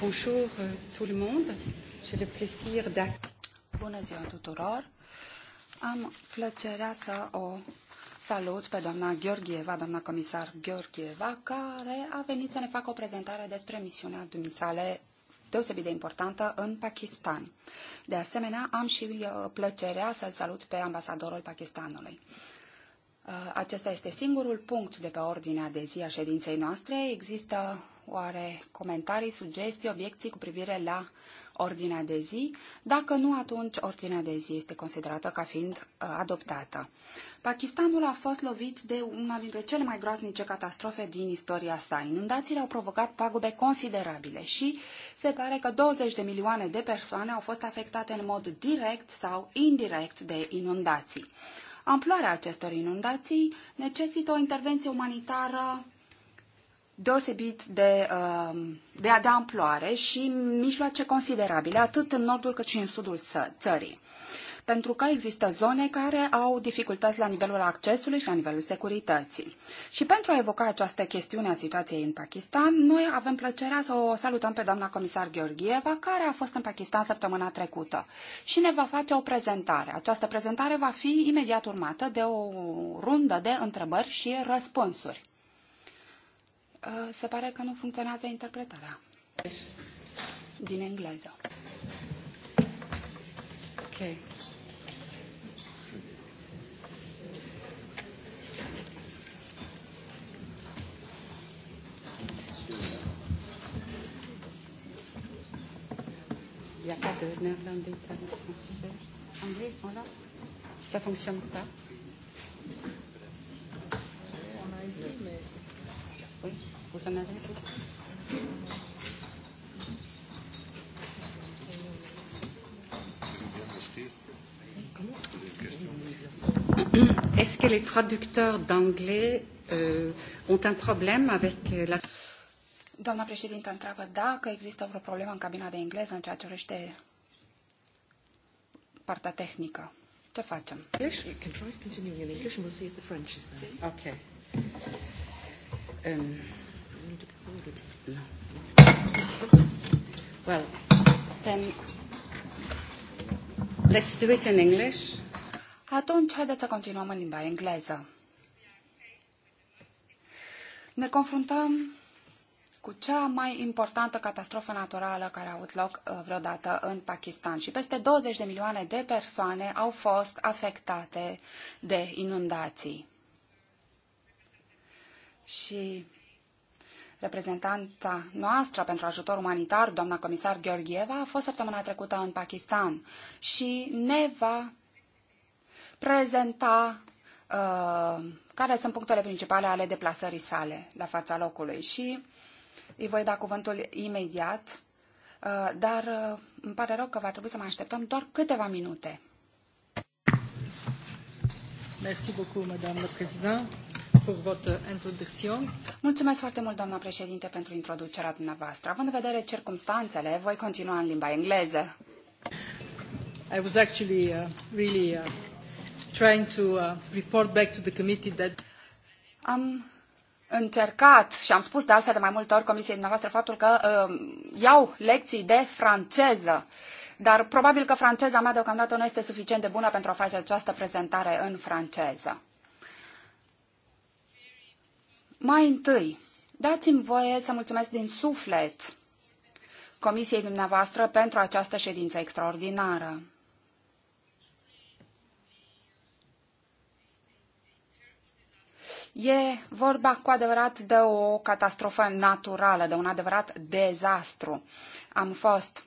Bonjour euh, tout le monde. J'ai le plaisir Bună ziua tuturor. Am plăcerea să o salut pe doamna Gheorgheva, doamna comisar Gheorgheva, care a venit să ne facă o prezentare despre misiunea dumisale deosebit de importantă în Pakistan. De asemenea, am și uh, plăcerea să-l salut pe ambasadorul Pakistanului. Uh, acesta este singurul punct de pe ordinea de zi a ședinței noastre. Există oare comentarii, sugestii, obiecții cu privire la ordinea de zi? Dacă nu, atunci ordinea de zi este considerată ca fiind uh, adoptată. Pakistanul a fost lovit de una dintre cele mai groaznice catastrofe din istoria sa. Inundațiile au provocat pagube considerabile și se pare că 20 de milioane de persoane au fost afectate în mod direct sau indirect de inundații. Amploarea acestor inundații necesită o intervenție umanitară deosebit de, um, de, de da amploare și mijloace considerabile, atât în nordul cât și în sudul țării. Pentru că există zone care au dificultăți la nivelul accesului și la nivelul securității. Și pentru a evoca această chestiune a situației în Pakistan, noi avem plăcerea să o salutăm pe doamna comisar Gheorgheva, care a fost în Pakistan săptămâna trecută și ne va face o prezentare. Această prezentare va fi imediat urmată de o rundă de întrebări și răspunsuri. Uh, se pare că nu funcționează interpretarea din engleză. Ok. Il n'y a pas de néerlandais, italien, français. Anglais, ils sont là. Ça ne fonctionne pas. On a ici, mais. Vous Est-ce que les traducteurs d'anglais euh, ont un problème avec euh, la... Doamna președintă întreabă dacă există vreo problemă în cabina de engleză în ceea ce urește partea tehnică. Ce facem? English? Okay. Um, No. Well, then let's do it in English. Atunci, haideți să continuăm în limba engleză. Ne confruntăm cu cea mai importantă catastrofă naturală care a avut loc uh, vreodată în Pakistan și peste 20 de milioane de persoane au fost afectate de inundații. Și Reprezentanta noastră pentru ajutor umanitar, doamna comisar Gheorgheva, a fost săptămâna trecută în Pakistan și ne va prezenta uh, care sunt punctele principale ale deplasării sale la fața locului. Și îi voi da cuvântul imediat, uh, dar uh, îmi pare rău că va trebui să mai așteptăm doar câteva minute. Merci beaucoup, Madame la Présidente. Uh, Mulțumesc foarte mult, doamna președinte, pentru introducerea dumneavoastră. Având în vedere circumstanțele, voi continua în limba engleză. I was actually uh, really uh, trying to uh, report back to the committee that am încercat și am spus de altfel de mai multe ori comisiei dumneavoastră faptul că uh, iau lecții de franceză. Dar probabil că franceza mea deocamdată nu este suficient de bună pentru a face această prezentare în franceză. Mai întâi, dați-mi voie să mulțumesc din suflet Comisiei dumneavoastră pentru această ședință extraordinară. E vorba cu adevărat de o catastrofă naturală, de un adevărat dezastru. Am fost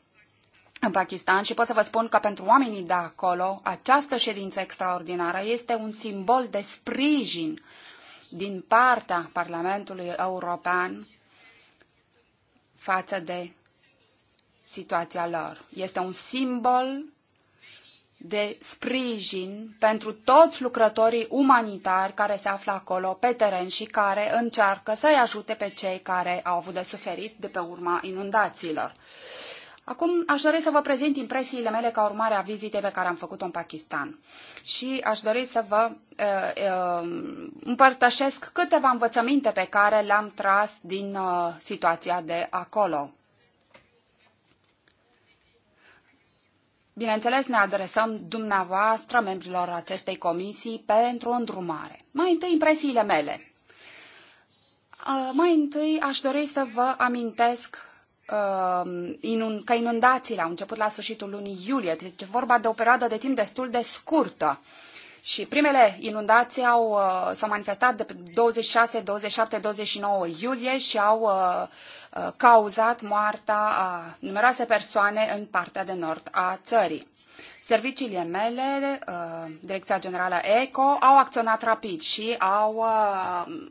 în Pakistan și pot să vă spun că pentru oamenii de acolo această ședință extraordinară este un simbol de sprijin uh, din partea Parlamentului European față de situația lor. Este un simbol de sprijin pentru toți lucrătorii umanitari care se află acolo pe teren și care încearcă să-i ajute pe cei care au avut de suferit de pe urma inundațiilor. Acum aș dori să vă prezint impresiile mele ca urmare a vizitei pe care am făcut-o în Pakistan. Și aș dori să vă uh, uh, împărtășesc câteva învățăminte pe care le-am tras din uh, situația de acolo. Bineînțeles, ne adresăm dumneavoastră, membrilor acestei comisii, pentru îndrumare. Mai întâi, impresiile mele. Uh, mai întâi, aș dori să vă amintesc Um, inund, că inundațiile au început la sfârșitul lunii iulie, deci e vorba de o perioadă de timp destul de scurtă. Și primele inundații au, uh, s-au manifestat de 26, 27, 29 iulie și au uh, uh, cauzat moartea a numeroase persoane în partea de nord a țării. Serviciile mele, uh, Direcția Generală ECO, au acționat rapid și au uh,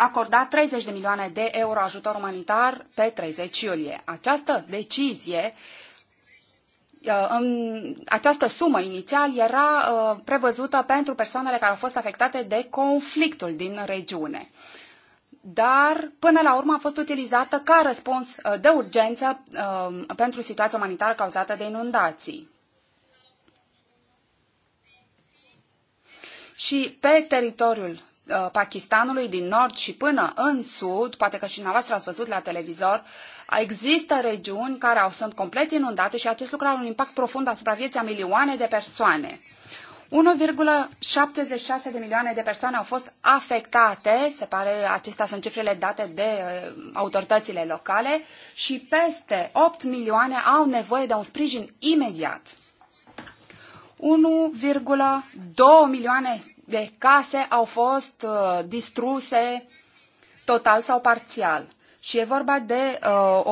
acorda 30 de milioane de euro ajutor umanitar pe 30 iulie. Această decizie uh, această sumă inițial era uh, prevăzută pentru persoanele care au fost afectate de conflictul din regiune. Dar, până la urmă, a fost utilizată ca răspuns uh, de urgență pentru situația umanitară cauzată de inundații. Și pe teritoriul Uh, Pakistanului din nord și până în sud, poate că și dumneavoastră ați văzut la televizor, există regiuni care au, sunt complet inundate și acest lucru are un impact profund asupra vieții a milioane de persoane. 1,76 de milioane de persoane au fost afectate, se pare acestea sunt cifrele date de uh, autoritățile locale, și peste 8 milioane au nevoie de un sprijin imediat. 1,2 milioane de case au fost uh, distruse total sau parțial. Și e vorba de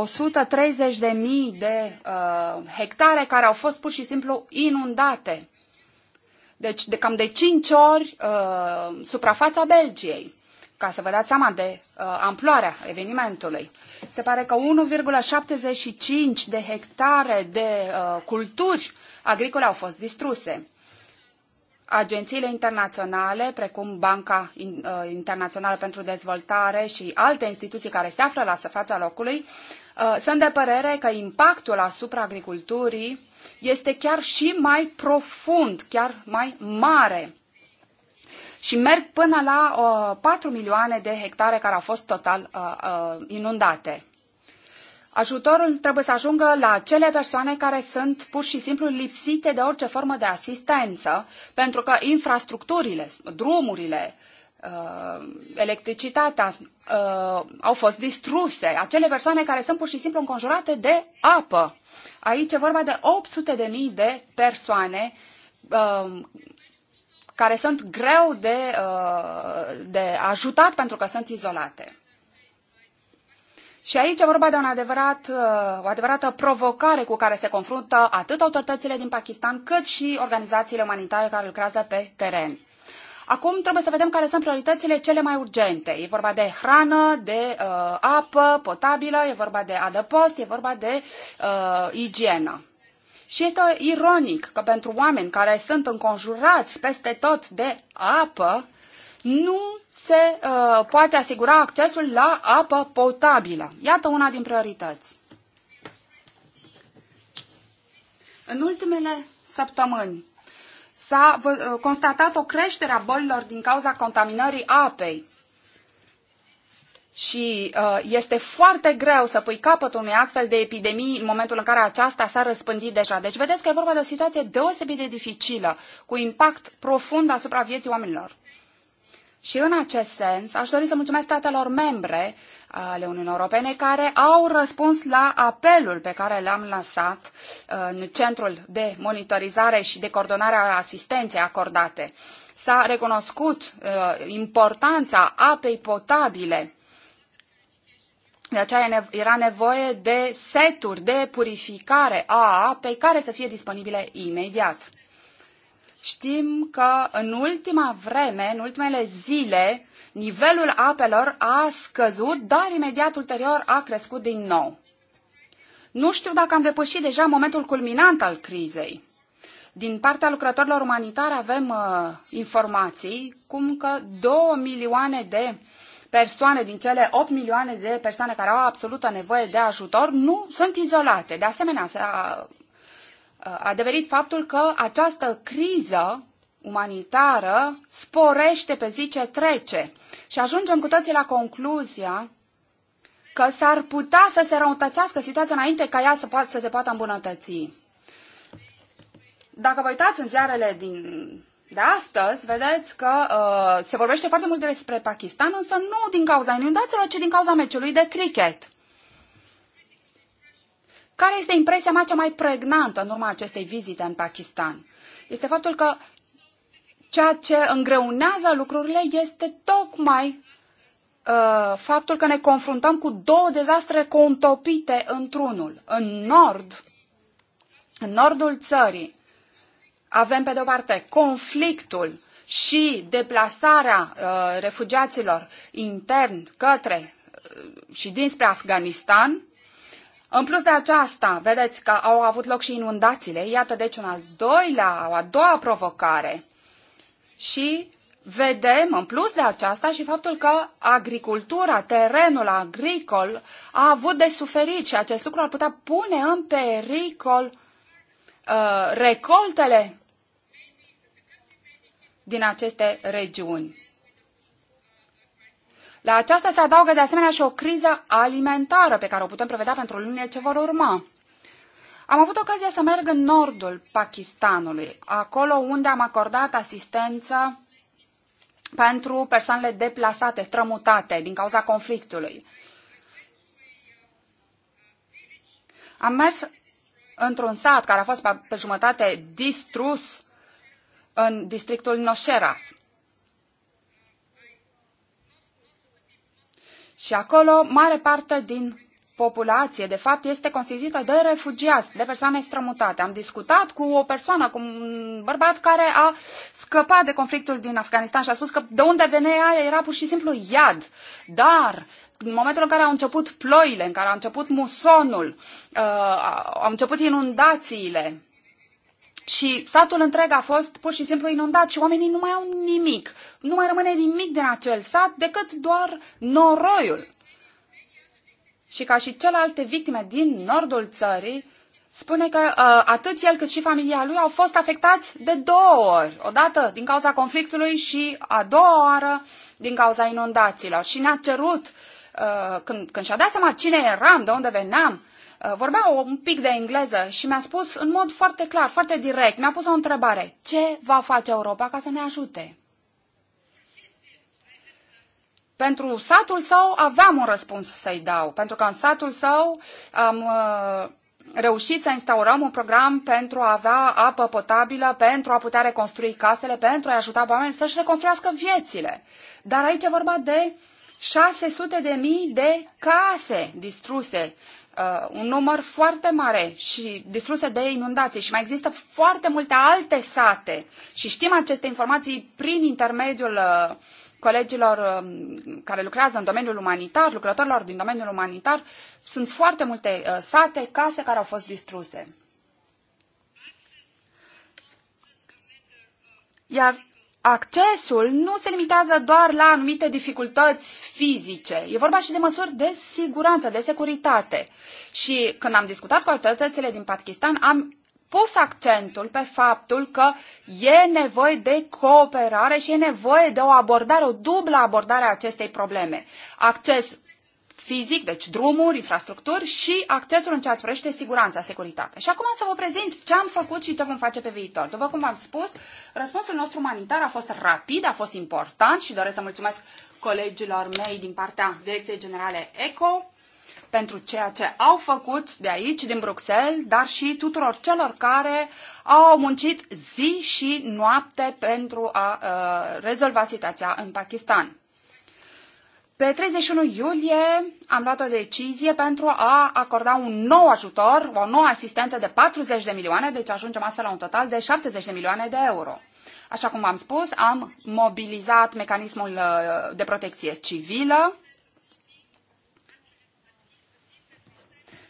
uh, 130.000 de uh, hectare care au fost pur și simplu inundate. Deci de cam de 5 ori uh, suprafața Belgiei, ca să vă dați seama de uh, amploarea evenimentului. Se pare că 1,75 de hectare de uh, culturi agricole au fost distruse agențiile internaționale, precum Banca uh, Internațională pentru Dezvoltare și alte instituții care se află la suprafața locului, uh, sunt de părere că impactul asupra agriculturii este chiar și mai profund, chiar mai mare și merg până la 4 uh, milioane de hectare care au fost total inundate. Ajutorul trebuie să ajungă la acele persoane care sunt pur și simplu lipsite de orice formă de asistență, pentru că infrastructurile, drumurile, uh, electricitatea uh, au fost distruse, acele persoane care sunt pur și simplu înconjurate de apă. Aici e vorba de 800.000 de de persoane uh, care sunt greu de, de ajutat pentru că sunt izolate. Și aici e vorba de un adevărat, uh, o adevărată provocare cu care se confruntă atât autoritățile din Pakistan, cât și organizațiile umanitare care lucrează pe teren. Acum trebuie să vedem care sunt prioritățile cele mai urgente. E vorba de hrană, de uh, apă potabilă, e vorba de adăpost, e vorba de uh, igienă. Și este ironic că pentru oameni care sunt înconjurați peste tot de apă, nu se uh, poate asigura accesul la apă potabilă. Iată una din priorități. În ultimele săptămâni s-a uh, constatat o creștere a bolilor din cauza contaminării apei. Și uh, este foarte greu să pui capăt unei astfel de epidemii în momentul în care aceasta s-a răspândit deja. Deci vedeți că e vorba de o situație deosebit de dificilă, cu impact profund asupra vieții oamenilor. Și în acest sens, aș dori să mulțumesc statelor membre ale Uniunii Europene care au răspuns la apelul pe care l-am lansat uh, în Centrul de Monitorizare și de Coordonare a Asistenței acordate. S-a recunoscut uh, importanța apei potabile. De aceea era nevoie de seturi de purificare a apei care să fie disponibile imediat. Știm că în ultima vreme, în ultimele zile, nivelul apelor a scăzut, dar imediat ulterior a crescut din nou. Nu știu dacă am depășit deja momentul culminant al crizei. Din partea lucrătorilor umanitari avem uh, informații cum că 2 milioane de persoane din cele 8 milioane de persoane care au absolută nevoie de ajutor nu sunt izolate. De asemenea, se Uh, a devenit faptul că această criză umanitară sporește pe zi ce trece și ajungem cu toții la concluzia că s-ar putea să se răutățească situația înainte ca ea să, să se poată îmbunătăți. Dacă vă uitați în ziarele din, de astăzi, vedeți că uh, se vorbește foarte mult despre Pakistan, însă nu din cauza inundațiilor, ci din cauza meciului de cricket. Care este impresia mea cea mai pregnantă în urma acestei vizite în Pakistan? Este faptul că ceea ce îngreunează lucrurile este tocmai uh, faptul că ne confruntăm cu două dezastre contopite într-unul. În nord, în nordul țării, avem pe de-o parte conflictul și deplasarea uh, refugiaților intern către uh, și dinspre Afganistan în plus de aceasta, vedeți că au avut loc și inundațiile. Iată deci un al doilea, o a doua provocare. Și vedem, în plus de aceasta, și faptul că agricultura, terenul agricol a avut de suferit și acest lucru ar putea pune în pericol uh, recoltele din aceste regiuni. La aceasta se adaugă de asemenea și o criză alimentară pe care o putem prevedea pentru lunile ce vor urma. Am avut ocazia să merg în nordul Pakistanului, acolo unde am acordat asistență pentru persoanele deplasate, strămutate din cauza conflictului. Am mers într-un sat care a fost pe jumătate distrus în districtul Noșeras. Și acolo, mare parte din populație, de fapt, este constituită de refugiați, de persoane strămutate. Am discutat cu o persoană, cu un bărbat care a scăpat de conflictul din Afganistan și a spus că de unde venea era pur și simplu iad. Dar în momentul în care au început ploile, în care a început musonul, uh, au început inundațiile, și satul întreg a fost pur și simplu inundat și oamenii nu mai au nimic. Nu mai rămâne nimic din acel sat decât doar noroiul. Și ca și celelalte victime din nordul țării, spune că uh, atât el cât și familia lui au fost afectați de două ori. Odată din cauza conflictului și a doua oară din cauza inundațiilor. Și ne-a cerut, uh, când, când și-a dat seama cine eram, de unde veneam, Uh, vorbea un pic de engleză și mi-a spus în mod foarte clar, foarte direct, mi-a pus o întrebare. Ce va face Europa ca să ne ajute? Pentru satul său aveam un răspuns să-i dau, pentru că în satul său am uh, reușit să instaurăm un program pentru a avea apă potabilă, pentru a putea reconstrui casele, pentru a ajuta pe oameni să-și reconstruiască viețile. Dar aici e vorba de 600 de mii de case distruse, Uh, un număr foarte mare și distruse de inundații și mai există foarte multe alte sate și știm aceste informații prin intermediul uh, colegilor um, care lucrează în domeniul umanitar, lucrătorilor din domeniul umanitar, sunt foarte multe uh, sate, case care au fost distruse. Iar accesul nu se limitează doar la anumite dificultăți fizice. E vorba și de măsuri de siguranță, de securitate. Și când am discutat cu autoritățile din Pakistan, am pus accentul pe faptul că e nevoie de cooperare și e nevoie de o abordare, o dublă abordare a acestei probleme. Acces fizic, deci drumuri, infrastructuri și accesul în ceea ce privește siguranța, securitatea. Și acum să vă prezint ce am făcut și ce vom face pe viitor. După cum v-am spus, răspunsul nostru umanitar a fost rapid, a fost important și doresc să mulțumesc colegilor mei din partea Direcției Generale ECO pentru ceea ce au făcut de aici, din Bruxelles, dar și tuturor celor care au muncit zi și noapte pentru a uh, rezolva situația în Pakistan. Pe 31 iulie am luat o decizie pentru a acorda un nou ajutor, o nouă asistență de 40 de milioane, deci ajungem astfel la un total de 70 de milioane de euro. Așa cum am spus, am mobilizat mecanismul uh, de protecție civilă,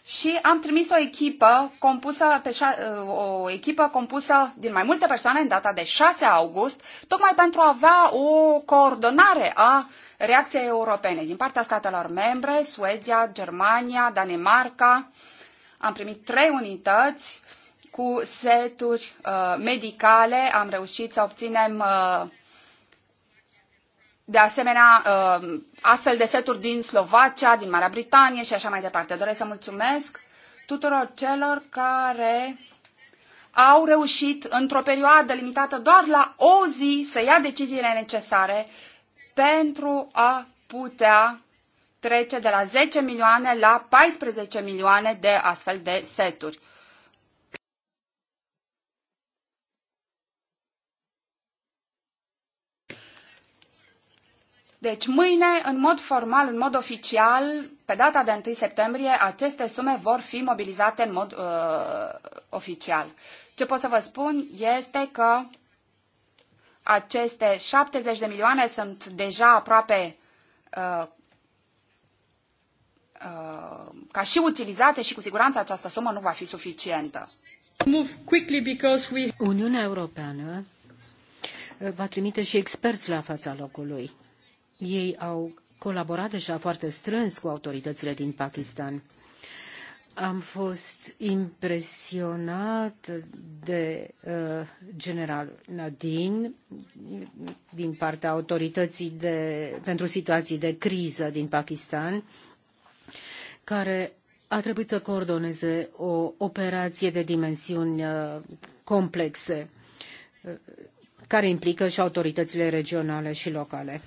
și am trimis o echipă compusă, pe șa- o echipă compusă din mai multe persoane în data de 6 august, tocmai pentru a avea o coordonare a reacției europene din partea statelor membre, Suedia, Germania, Danemarca. Am primit trei unități cu seturi uh, medicale, am reușit să obținem uh, de asemenea uh, astfel de seturi din Slovacia, din Marea Britanie și așa mai departe. Doresc să mulțumesc tuturor celor care au reușit într-o perioadă limitată doar la o zi să ia deciziile necesare pentru a putea trece de la 10 milioane la 14 milioane de astfel de seturi. Deci mâine, în mod formal, în mod oficial, pe data de 1 septembrie, aceste sume vor fi mobilizate în mod uh, oficial. Ce pot să vă spun este că aceste 70 de milioane sunt deja aproape uh, uh, ca și utilizate și cu siguranță această sumă nu va fi suficientă. Uniunea Europeană uh, va trimite și experți la fața locului ei au colaborat deja foarte strâns cu autoritățile din Pakistan. Am fost impresionat de uh, general Nadin din partea autorității de, pentru situații de criză din Pakistan, care a trebuit să coordoneze o operație de dimensiuni uh, complexe, uh, care implică și autoritățile regionale și locale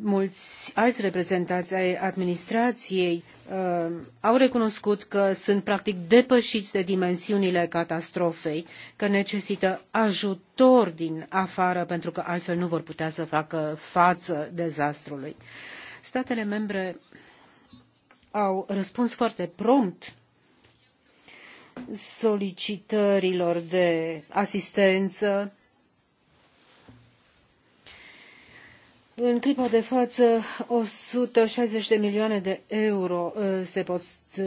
mulți alți reprezentanți ai administrației uh, au recunoscut că sunt practic depășiți de dimensiunile catastrofei, că necesită ajutor din afară pentru că altfel nu vor putea să facă față dezastrului. Statele membre au răspuns foarte prompt solicitărilor de asistență În clipa de față, 160 de milioane de euro uh, se pot uh,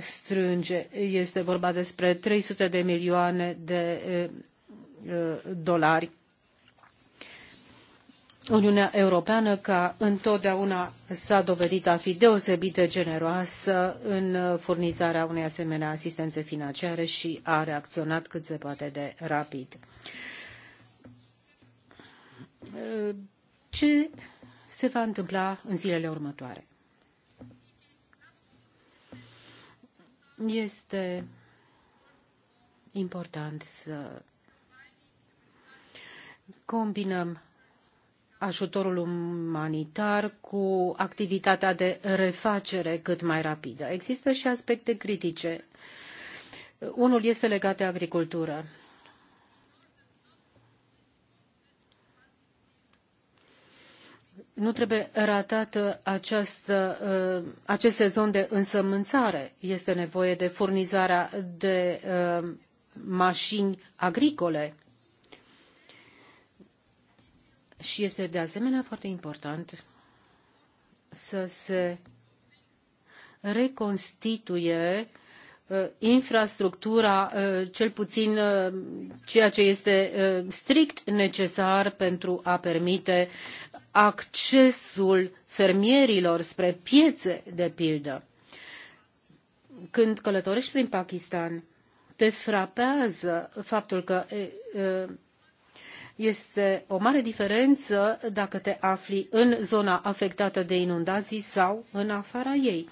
strânge. Este vorba despre 300 de milioane de uh, dolari. Uniunea Europeană, ca întotdeauna s-a dovedit a fi deosebit de generoasă în furnizarea unei asemenea asistențe financiare și a reacționat cât se poate de rapid ce se va întâmpla în zilele următoare. Este important să combinăm ajutorul umanitar cu activitatea de refacere cât mai rapidă. Există și aspecte critice. Unul este legat de agricultură. nu trebuie ratat acest, uh, acest sezon de însămânțare. Este nevoie de furnizarea de uh, mașini agricole și este de asemenea foarte important să se reconstituie uh, infrastructura, cel puțin ceea ce este strict necesar pentru a permite accesul fermierilor spre piețe, de pildă. Când călătorești prin Pakistan, te frapează faptul că este o mare diferență dacă te afli în zona afectată de inundații sau în afara ei.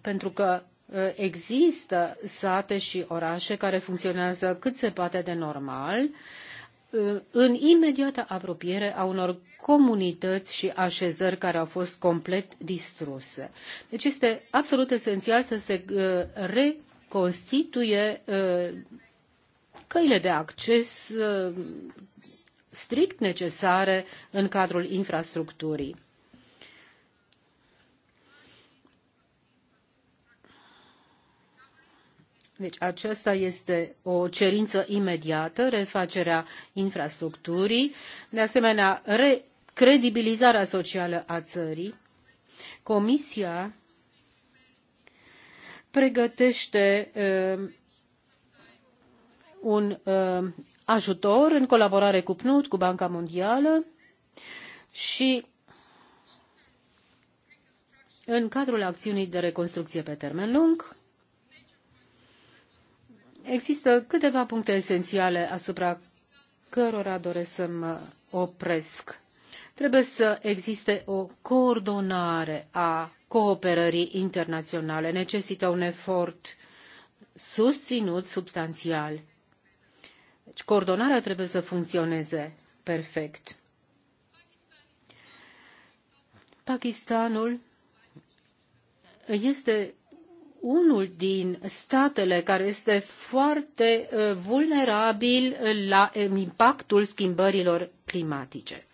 Pentru că Uh, există sate și orașe care funcționează cât se poate de normal, uh, în imediată apropiere a unor comunități și așezări care au fost complet distruse. Deci este absolut esențial să se uh, reconstituie căile de acces strict necesare în cadrul infrastructurii. Deci aceasta este o cerință imediată, refacerea infrastructurii, de asemenea recredibilizarea socială a țării. Comisia pregătește uh, un uh, ajutor în colaborare cu PNUD, cu Banca Mondială și în cadrul acțiunii de reconstrucție pe termen lung, Există câteva puncte esențiale asupra cărora doresc să mă opresc. Trebuie să existe o coordonare a cooperării internaționale. Necesită un efort susținut substanțial. Deci coordonarea trebuie să funcționeze perfect. Pakistanul este unul din statele care este foarte uh, vulnerabil uh, la um, impactul schimbărilor climatice.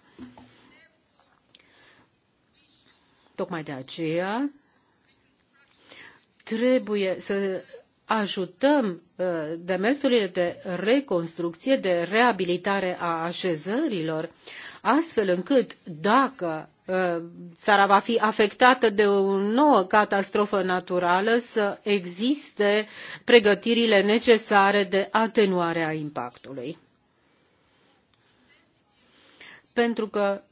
Tocmai de aceea trebuie să ajutăm uh, demersurile de reconstrucție, de reabilitare a așezărilor, astfel încât dacă Uh, țara va fi afectată de o nouă catastrofă naturală, să existe pregătirile necesare de atenuare a impactului. Pentru că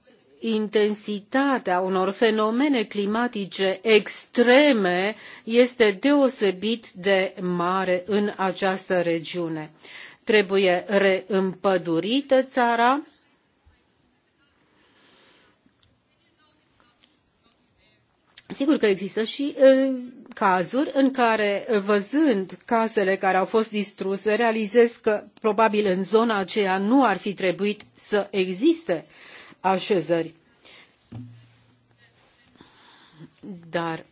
intensitatea unor fenomene climatice extreme este deosebit de mare în această regiune. Trebuie reîmpădurită țara, Sigur că există și uh, cazuri în care, văzând casele care au fost distruse, realizez că probabil în zona aceea nu ar fi trebuit să existe așezări. Dar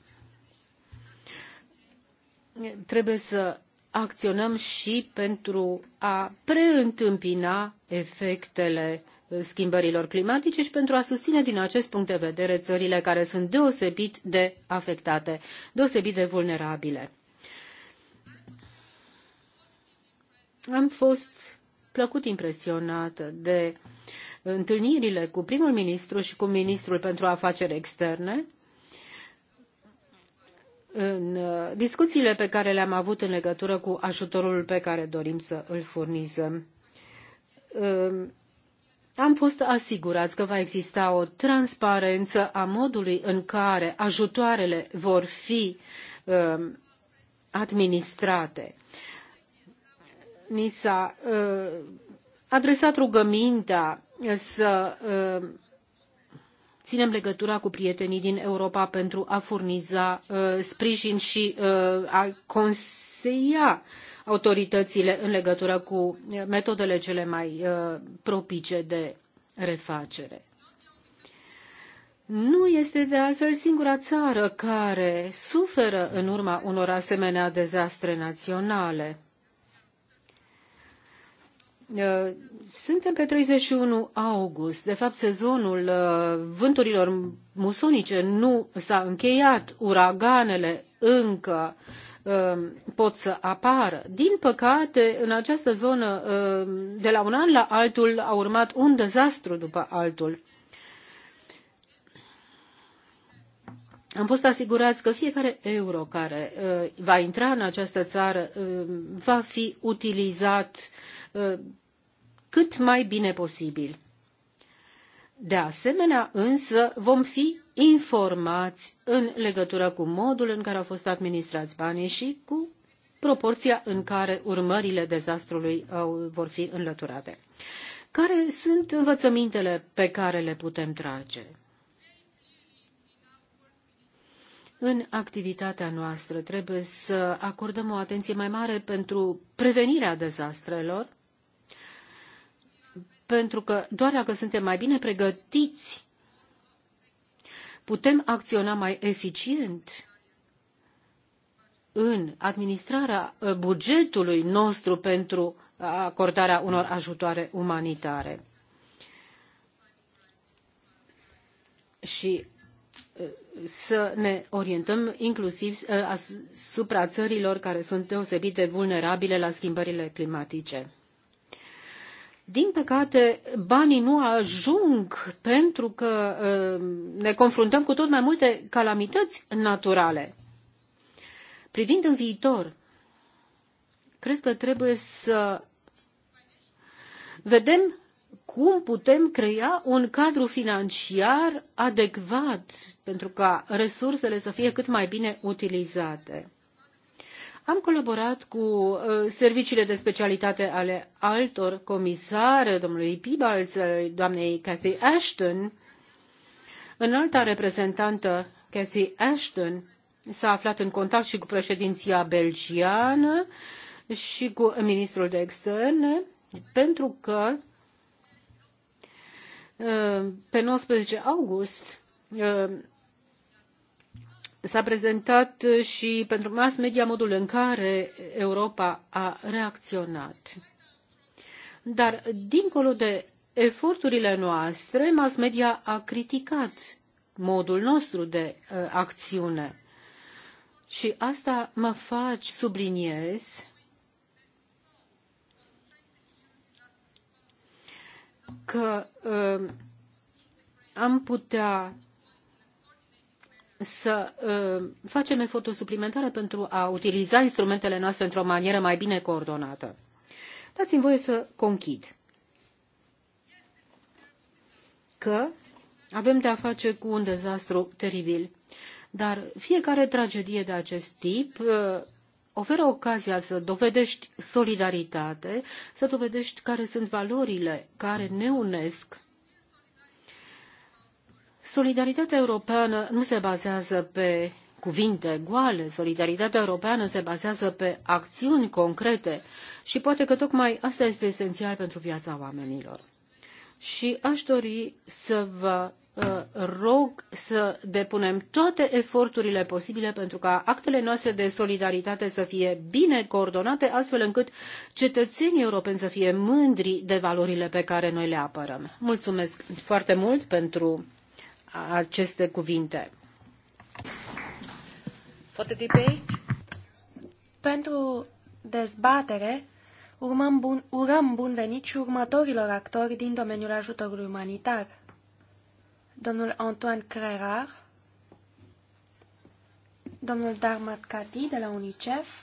trebuie să acționăm și pentru a preîntâmpina efectele schimbărilor climatice și pentru a susține din acest punct de vedere țările care sunt deosebit de afectate, deosebit de vulnerabile. Am fost plăcut impresionată de întâlnirile cu primul ministru și cu ministrul pentru afaceri externe, în uh, discuțiile pe care le-am avut în legătură cu ajutorul pe care dorim să îl furnizăm. Uh, am fost asigurați că va exista o transparență a modului în care ajutoarele vor fi uh, administrate. Ni s-a uh, adresat rugămintea să uh, ținem legătura cu prietenii din Europa pentru a furniza uh, sprijin și uh, a conseia autoritățile în legătură cu metodele cele mai uh, propice de refacere. Nu este de altfel singura țară care suferă în urma unor asemenea dezastre naționale. Uh, suntem pe 31 august. De fapt, sezonul uh, vânturilor musonice nu s-a încheiat. Uraganele încă Um, pot să apară. Din păcate, în această zonă, um, de la un an la altul, a urmat un dezastru după altul. Am fost asigurați că fiecare euro care uh, va intra în această țară um, va fi utilizat uh, cât mai bine posibil. De asemenea, însă, vom fi informați în legătură cu modul în care au fost administrați banii și cu proporția în care urmările dezastrului au, vor fi înlăturate. Care sunt învățămintele pe care le putem trage? În activitatea noastră trebuie să acordăm o atenție mai mare pentru prevenirea dezastrelor, pentru că doar dacă suntem mai bine pregătiți putem acționa mai eficient în administrarea uh, bugetului nostru pentru acordarea unor ajutoare umanitare. Și uh, să ne orientăm inclusiv uh, asupra țărilor care sunt deosebit de vulnerabile la schimbările climatice. Din păcate, banii nu ajung pentru că ă, ne confruntăm cu tot mai multe calamități naturale. Privind în viitor, cred că trebuie să vedem cum putem crea un cadru financiar adecvat pentru ca resursele să fie cât mai bine utilizate. Am colaborat cu uh, serviciile de specialitate ale altor comisare, domnului Pibals, uh, doamnei Cathy Ashton. În alta reprezentantă Cathy Ashton s-a aflat în contact și cu președinția belgiană și cu ministrul de externe, pentru că uh, pe 19 august S-a prezentat și pentru mass media modul în care Europa a reacționat. Dar, dincolo de eforturile noastre, mass media a criticat modul nostru de uh, acțiune. Și asta mă face subliniez, că uh, am putea să ă, facem eforturi suplimentare pentru a utiliza instrumentele noastre într-o manieră mai bine coordonată. Dați-mi voie să conchid că avem de a face cu un dezastru teribil, dar fiecare tragedie de acest tip ă, oferă ocazia să dovedești solidaritate, să dovedești care sunt valorile care ne unesc Solidaritatea europeană nu se bazează pe cuvinte goale. Solidaritatea europeană se bazează pe acțiuni concrete și poate că tocmai asta este esențial pentru viața oamenilor. Și aș dori să vă uh, rog să depunem toate eforturile posibile pentru ca actele noastre de solidaritate să fie bine coordonate, astfel încât cetățenii europeni să fie mândri de valorile pe care noi le apărăm. Mulțumesc foarte mult pentru aceste cuvinte. For the debate. Pentru dezbatere, urmăm bun, urăm bun venit și următorilor actori din domeniul ajutorului umanitar. Domnul Antoine Crerar, domnul Darmat Kati de la UNICEF,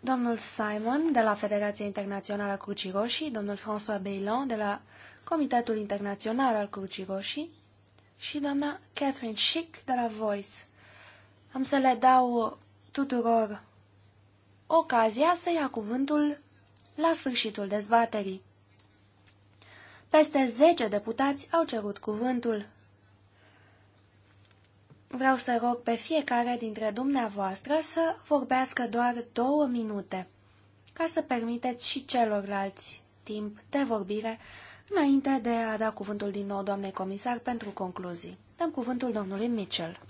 domnul Simon de la Federația Internațională a Crucii Roșii, domnul François Beilan de la Comitetul Internațional al Crucii Roșii și doamna Catherine Schick de la Voice. Am să le dau tuturor ocazia să ia cuvântul la sfârșitul dezbaterii. Peste 10 deputați au cerut cuvântul. Vreau să rog pe fiecare dintre dumneavoastră să vorbească doar două minute, ca să permiteți și celorlalți timp de vorbire Înainte de a da cuvântul din nou doamnei comisar pentru concluzii, dăm cuvântul domnului Mitchell.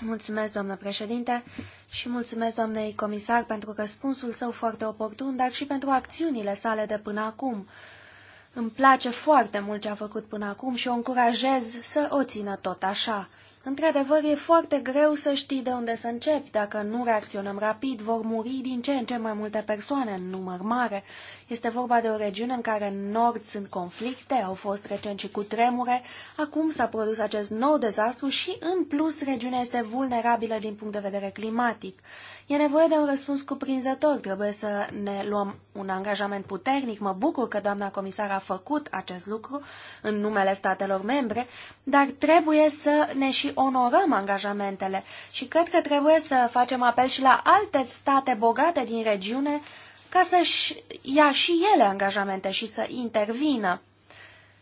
Mulțumesc, doamnă președinte, și mulțumesc doamnei comisar pentru răspunsul său foarte oportun, dar și pentru acțiunile sale de până acum. Îmi place foarte mult ce a făcut până acum și o încurajez să o țină tot așa. Într-adevăr, e foarte greu să știi de unde să începi. Dacă nu reacționăm rapid, vor muri din ce în ce mai multe persoane în număr mare este vorba de o regiune în care în nord sunt conflicte, au fost recent și cu tremure, acum s-a produs acest nou dezastru și, în plus, regiunea este vulnerabilă din punct de vedere climatic. E nevoie de un răspuns cuprinzător, trebuie să ne luăm un angajament puternic. Mă bucur că doamna comisar a făcut acest lucru în numele statelor membre, dar trebuie să ne și onorăm angajamentele și cred că trebuie să facem apel și la alte state bogate din regiune ca să-și ia și ele angajamente și să intervină.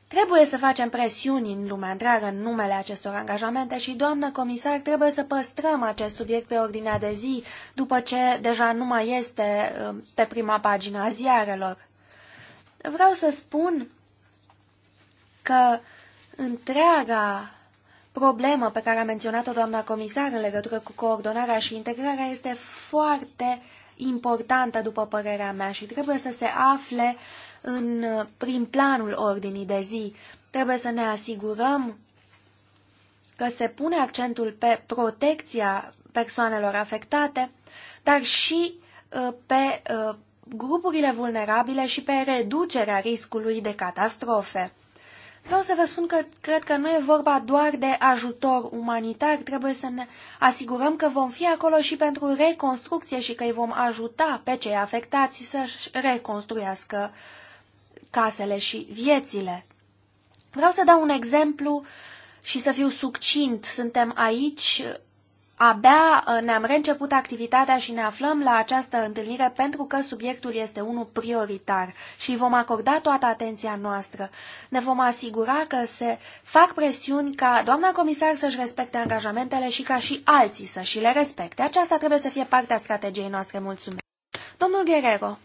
Trebuie să facem presiuni în lumea întreagă în numele acestor angajamente și, doamnă comisar, trebuie să păstrăm acest subiect pe ordinea de zi, după ce deja nu mai este um, pe prima pagină a ziarelor. Vreau să spun că întreaga problemă pe care a menționat-o doamna comisar în legătură cu coordonarea și integrarea este foarte importantă, după părerea mea, și trebuie să se afle în prim planul ordinii de zi. Trebuie să ne asigurăm că se pune accentul pe protecția persoanelor afectate, dar și uh, pe uh, grupurile vulnerabile și pe reducerea riscului de catastrofe. Vreau să vă spun că cred că nu e vorba doar de ajutor umanitar, trebuie să ne asigurăm că vom fi acolo și pentru reconstrucție și că îi vom ajuta pe cei afectați să-și reconstruiască casele și viețile. Vreau să dau un exemplu și să fiu succint. Suntem aici Abia uh, ne-am reînceput activitatea și ne aflăm la această întâlnire pentru că subiectul este unul prioritar și vom acorda toată atenția noastră. Ne vom asigura că se fac presiuni ca doamna comisar să-și respecte angajamentele și ca și alții să și le respecte. Aceasta trebuie să fie partea strategiei noastre. Mulțumesc. Domnul Guerrero.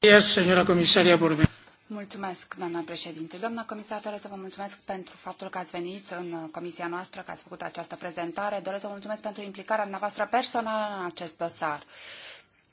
Yes, señora comisaria Burbe. Mulțumesc, doamna președinte. Doamna comisar, doresc să vă mulțumesc pentru faptul că ați venit în uh, comisia noastră, că ați făcut această prezentare. Doresc să vă mulțumesc pentru implicarea dumneavoastră personală în acest dosar.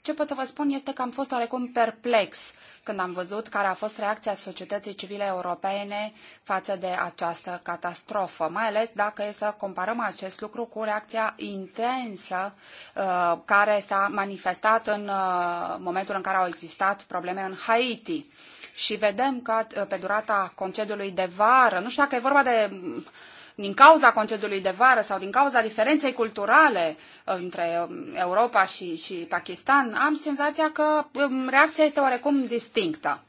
Ce pot să vă spun este că am fost oarecum perplex când am văzut care a fost reacția societății civile europene față de această catastrofă, mai ales dacă e să comparăm acest lucru cu reacția intensă uh, care s-a manifestat în uh, momentul în care au existat probleme în Haiti. Uh, și vedem că uh, pe durata concediului de vară, nu știu dacă e vorba de mm, din cauza concediului de vară sau din cauza diferenței culturale uh, între um, Europa și, și Pakistan, am senzația că um, reacția este oarecum distinctă.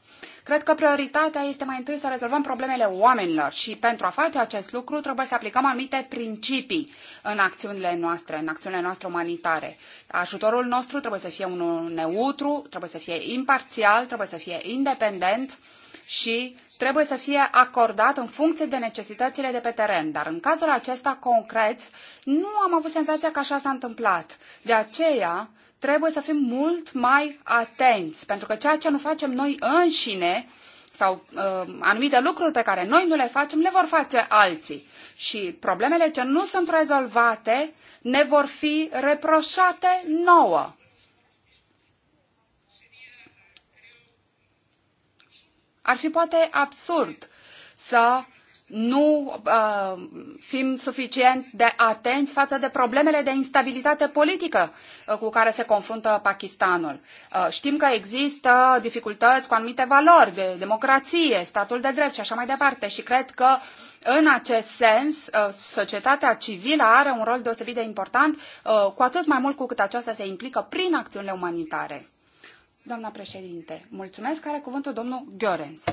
Cred că prioritatea este mai întâi să rezolvăm problemele oamenilor și pentru a face acest lucru trebuie să aplicăm anumite principii în acțiunile noastre, în acțiunile noastre umanitare. Ajutorul nostru trebuie să fie unul neutru, trebuie să fie imparțial, trebuie să fie independent și trebuie să fie acordat în funcție de necesitățile de pe teren. Dar în cazul acesta concret, nu am avut senzația că așa s-a întâmplat. De aceea, trebuie să fim mult mai atenți, pentru că ceea ce nu facem noi înșine sau uh, anumite lucruri pe care noi nu le facem, le vor face alții. Și problemele ce nu sunt rezolvate ne vor fi reproșate nouă. Ar fi poate absurd să nu uh, fim suficient de atenți față de problemele de instabilitate politică uh, cu care se confruntă Pakistanul. Uh, știm că există dificultăți cu anumite valori de democrație, statul de drept și așa mai departe și cred că în acest sens, uh, societatea civilă are un rol deosebit de important, uh, cu atât mai mult cu cât aceasta se implică prin acțiunile umanitare. Doamna președinte, mulțumesc. Are cuvântul domnul Görens.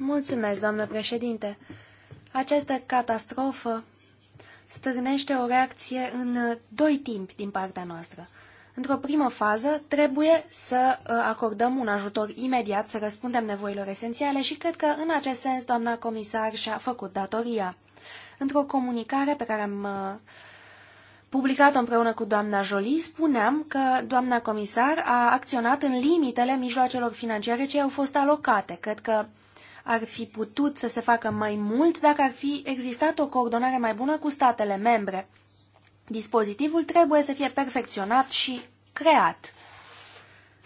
Mulțumesc, doamnă președinte. Această catastrofă stârnește o reacție în doi timpi din partea noastră. Într-o primă fază, trebuie să uh, acordăm un ajutor imediat, să răspundem nevoilor esențiale și cred că în acest sens doamna comisar și-a făcut datoria. Într-o comunicare pe care am uh, publicat împreună cu doamna Jolie, spuneam că doamna comisar a acționat în limitele mijloacelor financiare ce au fost alocate. Cred că ar fi putut să se facă mai mult dacă ar fi existat o coordonare mai bună cu statele membre. Dispozitivul trebuie să fie perfecționat și creat.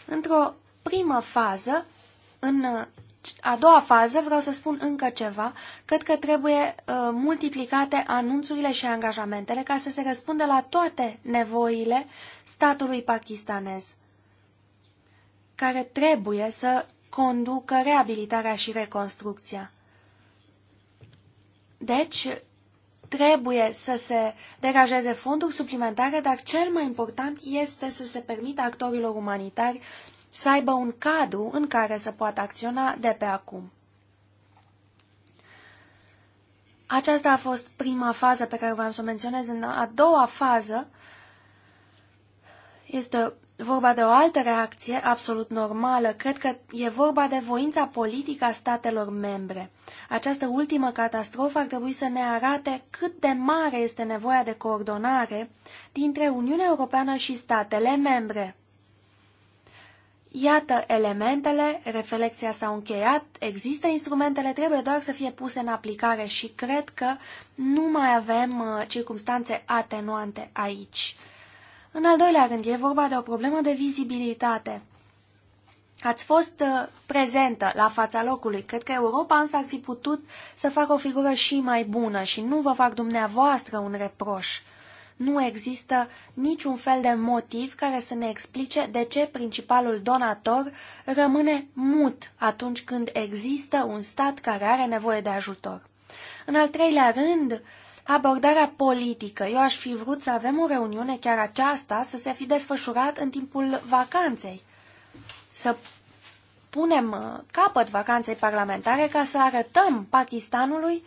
Într-o primă fază, în a doua fază, vreau să spun încă ceva, cred că trebuie uh, multiplicate anunțurile și angajamentele ca să se răspundă la toate nevoile statului pakistanez, care trebuie să conducă reabilitarea și reconstrucția. Deci, trebuie să se derajeze fonduri suplimentare, dar cel mai important este să se permită actorilor umanitari să aibă un cadru în care să poată acționa de pe acum. Aceasta a fost prima fază pe care vreau să o menționez. În a doua fază este vorba de o altă reacție absolut normală. Cred că e vorba de voința politică a statelor membre. Această ultimă catastrofă ar trebui să ne arate cât de mare este nevoia de coordonare dintre Uniunea Europeană și statele membre. Iată elementele, reflexia s-a încheiat, există instrumentele, trebuie doar să fie puse în aplicare și cred că nu mai avem uh, circumstanțe atenuante aici. În al doilea rând, e vorba de o problemă de vizibilitate. Ați fost uh, prezentă la fața locului. Cred că Europa însă ar fi putut să facă o figură și mai bună și nu vă fac dumneavoastră un reproș. Nu există niciun fel de motiv care să ne explice de ce principalul donator rămâne mut atunci când există un stat care are nevoie de ajutor. În al treilea rând, abordarea politică. Eu aș fi vrut să avem o reuniune chiar aceasta să se fi desfășurat în timpul vacanței. Să punem uh, capăt vacanței parlamentare ca să arătăm Pakistanului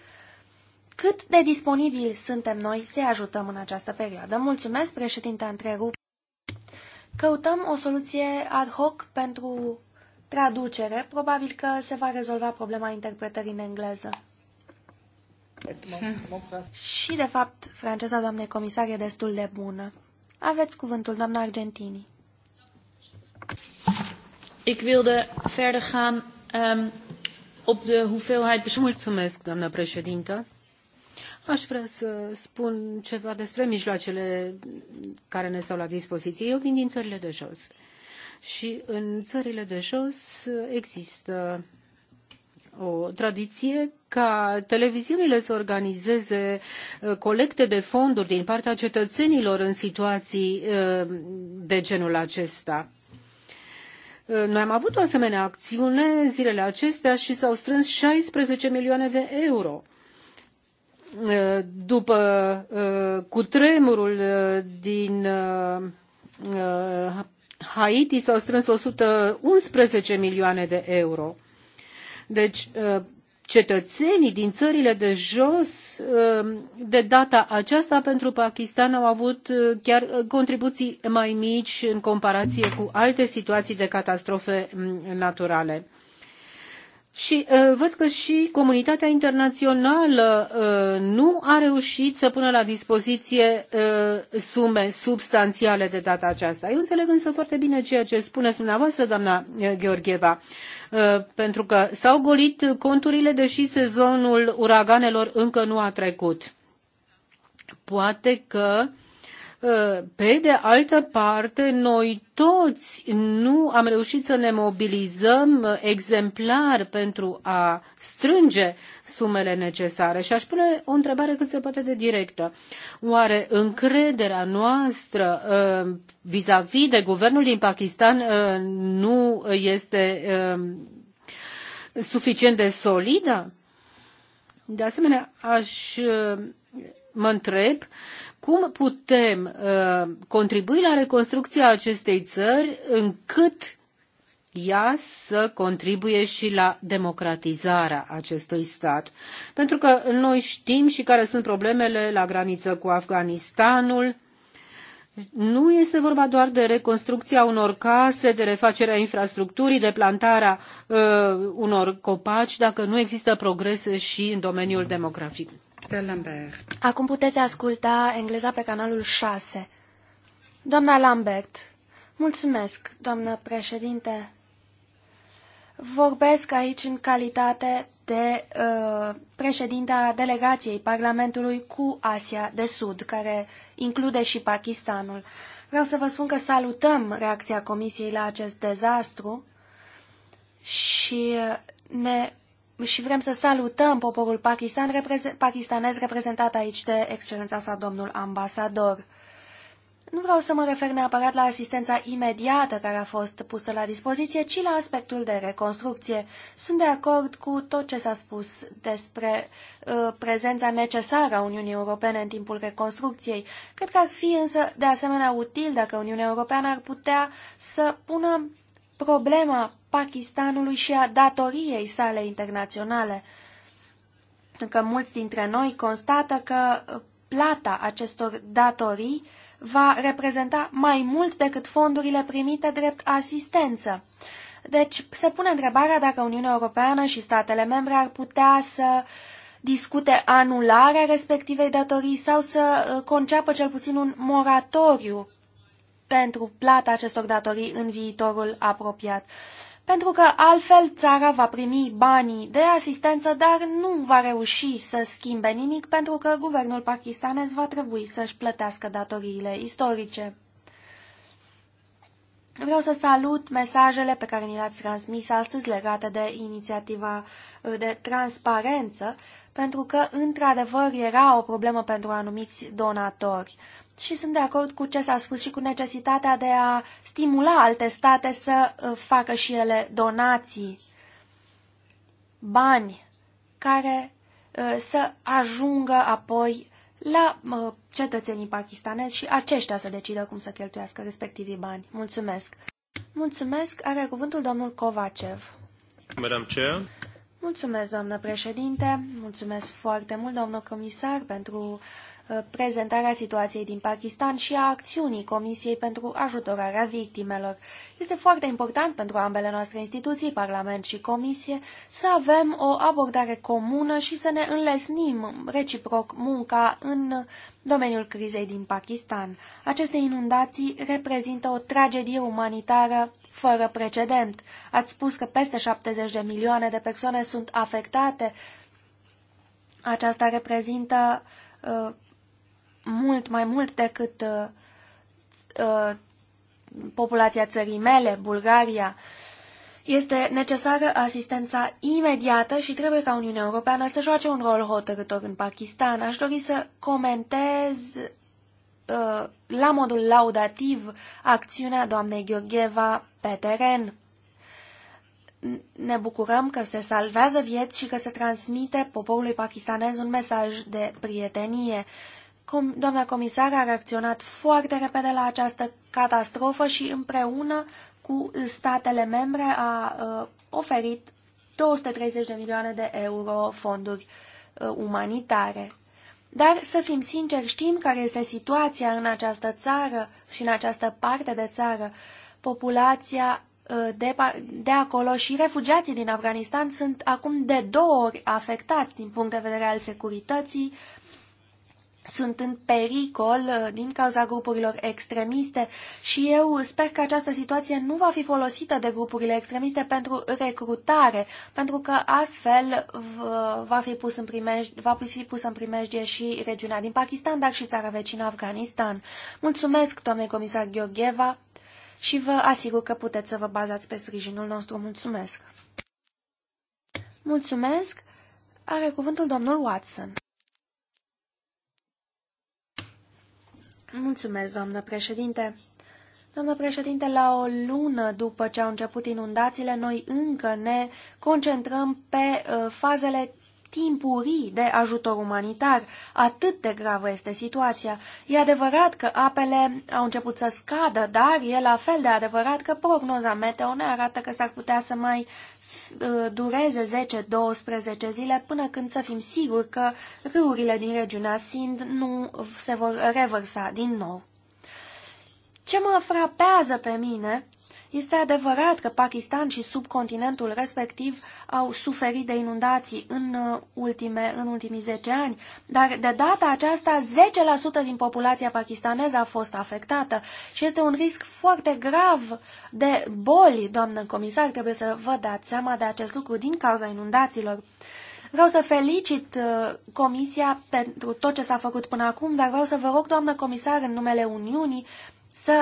cât de disponibili suntem noi să ajutăm în această perioadă. Mulțumesc, președinte întrerup. Căutăm o soluție ad hoc pentru traducere. Probabil că se va rezolva problema interpretării în engleză. Și, de fapt, franceza doamnei comisar e destul de bună. Aveți cuvântul, doamna Argentini. Ik wilde verder gaan um, op de hoeveelheid... Mulțumesc, doamna președintă. Aș vrea să spun ceva despre mijloacele care ne stau la dispoziție. Eu vin din țările de jos și în țările de jos există o tradiție ca televiziunile să organizeze uh, colecte de fonduri din partea cetățenilor în situații uh, de genul acesta. Uh, noi am avut o asemenea acțiune zilele acestea și s-au strâns 16 milioane de euro Uh, după uh, cutremurul uh, din Haiti s-au strâns 111 milioane de euro. Deci, cetățenii din țările de jos, de data aceasta pentru Pakistan, au avut chiar contribuții mai mici în comparație cu alte situații de catastrofe mm, naturale. Și uh, văd că și comunitatea internațională uh, nu a reușit să pună la dispoziție uh, sume substanțiale de data aceasta. Eu înțeleg însă foarte bine ceea ce spuneți dumneavoastră, doamna uh, Gheorgheva, uh, pentru că s-au golit conturile, deși sezonul uraganelor încă nu a trecut. Poate că uh, Uh, pe de altă parte, noi toți nu am reușit să ne mobilizăm uh, exemplar pentru a strânge sumele necesare. Și aș pune o întrebare cât se poate de directă. Oare încrederea noastră uh, vis-a-vis -vis de guvernul din Pakistan nu este suficient de solidă? De asemenea, aș mă întreb cum putem uh, contribui la reconstrucția acestei țări încât ea să contribuie și la democratizarea acestui stat. Pentru că noi știm și care sunt problemele la graniță cu Afganistanul. Nu este vorba doar de reconstrucția unor case, de refacerea infrastructurii, de plantarea uh, unor copaci, dacă nu există progrese și în domeniul demografic. Acum puteți asculta engleza pe canalul 6. Doamna Lambert, mulțumesc, doamnă președinte. Vorbesc aici în calitate de uh, președinta delegației Parlamentului cu Asia de Sud, care include și Pakistanul. Vreau să vă spun că salutăm reacția Comisiei la acest dezastru și ne și vrem să salutăm poporul Pakistan, reprezent, pakistanez reprezentat aici de excelența sa, domnul ambasador. Nu vreau să mă refer neapărat la asistența imediată care a fost pusă la dispoziție, ci la aspectul de reconstrucție. Sunt de acord cu tot ce s-a spus despre uh, prezența necesară a Uniunii Europene în timpul reconstrucției. Cred că ar fi însă de asemenea util dacă Uniunea Europeană ar putea să pună problema Pakistanului și a datoriei sale internaționale. Încă mulți dintre noi constată că plata acestor datorii va reprezenta mai mult decât fondurile primite drept asistență. Deci se pune întrebarea dacă Uniunea Europeană și statele membre ar putea să discute anularea respectivei datorii sau să uh, conceapă cel puțin un moratoriu pentru plata acestor datorii în viitorul apropiat pentru că altfel țara va primi banii de asistență, dar nu va reuși să schimbe nimic pentru că guvernul pakistanez va trebui să-și plătească datoriile istorice. Vreau să salut mesajele pe care ni le-ați transmis astăzi legate de inițiativa uh, de transparență, pentru că, într-adevăr, era o problemă pentru anumiți donatori și sunt de acord cu ce s-a spus și cu necesitatea de a stimula alte state să uh, facă și ele donații, bani care uh, să ajungă apoi la uh, cetățenii pakistanezi și aceștia să decidă cum să cheltuiască respectivii bani. Mulțumesc! Mulțumesc! Are cuvântul domnul Kovacev. Madam Chair. Mulțumesc, doamnă președinte, mulțumesc foarte mult, domnul comisar, pentru uh, Uh, prezentarea situației din Pakistan și a acțiunii Comisiei pentru ajutorarea victimelor. Este foarte important pentru ambele noastre instituții, Parlament și Comisie, să avem o abordare comună și să ne înlesnim reciproc munca în domeniul crizei din Pakistan. Aceste inundații reprezintă o tragedie umanitară fără precedent. Ați spus că peste 70 de milioane de persoane sunt afectate. Aceasta reprezintă uh, mult mai mult decât uh, uh, populația țării mele, Bulgaria. Este necesară asistența imediată și trebuie ca Uniunea Europeană să joace un rol hotărător în Pakistan. Aș dori să comentez uh, la modul laudativ acțiunea doamnei Gheorgheva pe teren ne bucurăm că se salvează vieți și că se transmite poporului pakistanez un mesaj de prietenie cum doamna comisar a reacționat foarte repede la această catastrofă și împreună cu statele membre a uh, oferit 230 de milioane de euro fonduri uh, umanitare. Dar, să fim sinceri, știm care este situația în această țară și în această parte de țară. Populația uh, de, de acolo și refugiații din Afganistan sunt acum de două ori afectați din punct de vedere al securității, sunt în pericol uh, din cauza grupurilor extremiste și eu sper că această situație nu va fi folosită de grupurile extremiste pentru recrutare, pentru că astfel va fi pus în primejdie, va fi pus în primejdie și regiunea din Pakistan, dar și țara vecină Afganistan. Mulțumesc, doamne comisar Gheorgheva, și vă asigur că puteți să vă bazați pe sprijinul nostru. Mulțumesc! Mulțumesc! Are cuvântul domnul Watson. Mulțumesc, doamnă președinte. Doamnă președinte, la o lună după ce au început inundațiile, noi încă ne concentrăm pe ă, fazele timpurii de ajutor umanitar. Atât de gravă este situația. E adevărat că apele au început să scadă, dar e la fel de adevărat că prognoza meteo ne arată că s-ar putea să mai Uh, dureze 10-12 zile până când să fim siguri că râurile din regiunea Sind nu se vor revărsa din nou. Ce mă frapează pe mine este adevărat că Pakistan și subcontinentul respectiv au suferit de inundații în, uh, ultime, în ultimii 10 ani, dar de data aceasta 10% din populația pakistaneză a fost afectată și este un risc foarte grav de boli, doamnă comisar, trebuie să vă dați seama de acest lucru din cauza inundațiilor. Vreau să felicit uh, Comisia pentru tot ce s-a făcut până acum, dar vreau să vă rog, doamnă comisar, în numele Uniunii, să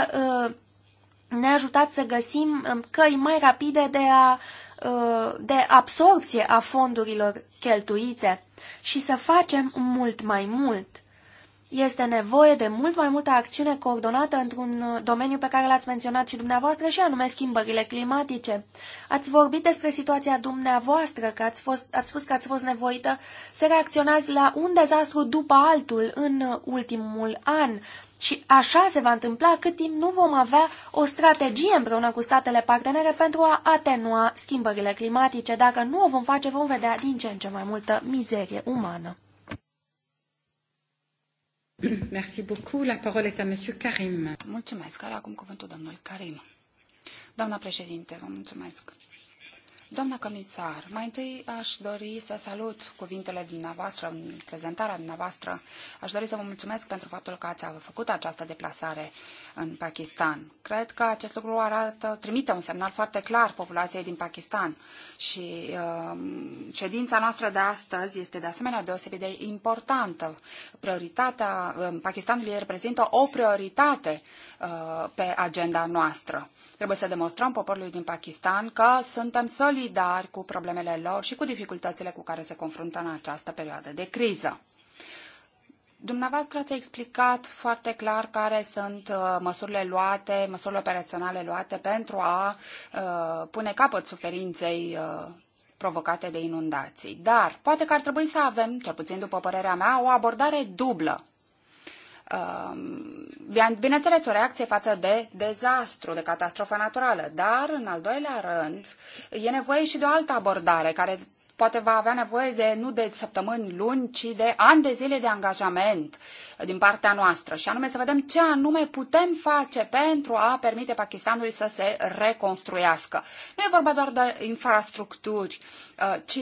uh, ne-a ajutat să găsim um, căi mai rapide de, a, uh, de absorpție a fondurilor cheltuite și să facem mult mai mult. Este nevoie de mult mai multă acțiune coordonată într-un uh, domeniu pe care l-ați menționat și dumneavoastră, și anume schimbările climatice. Ați vorbit despre situația dumneavoastră, că ați, fost, ați spus că ați fost nevoită să reacționați la un dezastru după altul în uh, ultimul an. Și așa se va întâmpla cât timp nu vom avea o strategie împreună cu statele partenere pentru a atenua schimbările climatice. Dacă nu o vom face, vom vedea din ce în ce mai multă mizerie umană. Merci beaucoup. La parole est à monsieur Karim. Mulțumesc. Are acum cuvântul domnul Karim. Doamna președinte, vă mulțumesc. Doamna comisar, mai întâi aș dori să salut cuvintele dumneavoastră, în prezentarea dumneavoastră. Aș dori să vă mulțumesc pentru faptul că ați făcut această deplasare în Pakistan. Cred că acest lucru arată, trimite un semnal foarte clar populației din Pakistan și uh, ședința noastră de astăzi este de asemenea deosebit de importantă. Prioritatea uh, Pakistanului reprezintă o prioritate uh, pe agenda noastră. Trebuie să demonstrăm poporului din Pakistan că suntem solidari solidari cu problemele lor și cu dificultățile cu care se confruntă în această perioadă de criză. Dumneavoastră ați explicat foarte clar care sunt uh, măsurile luate, măsurile operaționale luate pentru a uh, pune capăt suferinței uh, provocate de inundații. Dar poate că ar trebui să avem, cel puțin după părerea mea, o abordare dublă. Um, bineînțeles, o reacție față de dezastru, de catastrofă naturală, dar, în al doilea rând, e nevoie și de o altă abordare care poate va avea nevoie de nu de săptămâni luni, ci de ani de zile de angajament din partea noastră și anume să vedem ce anume putem face pentru a permite Pakistanului să se reconstruiască. Nu e vorba doar de infrastructuri, uh, ci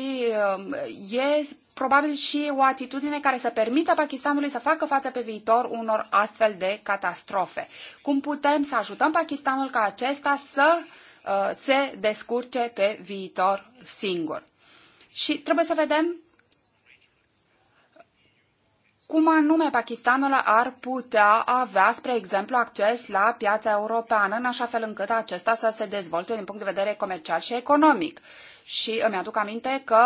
um, e probabil și o atitudine care să permită Pakistanului să facă față pe viitor unor astfel de catastrofe. Cum putem să ajutăm Pakistanul ca acesta să uh, se descurce pe viitor singur? Și trebuie să vedem cum anume Pakistanul ar putea avea, spre exemplu, acces la piața europeană, în așa fel încât acesta să se dezvolte din punct de vedere comercial și economic. Uh, și îmi aduc aminte că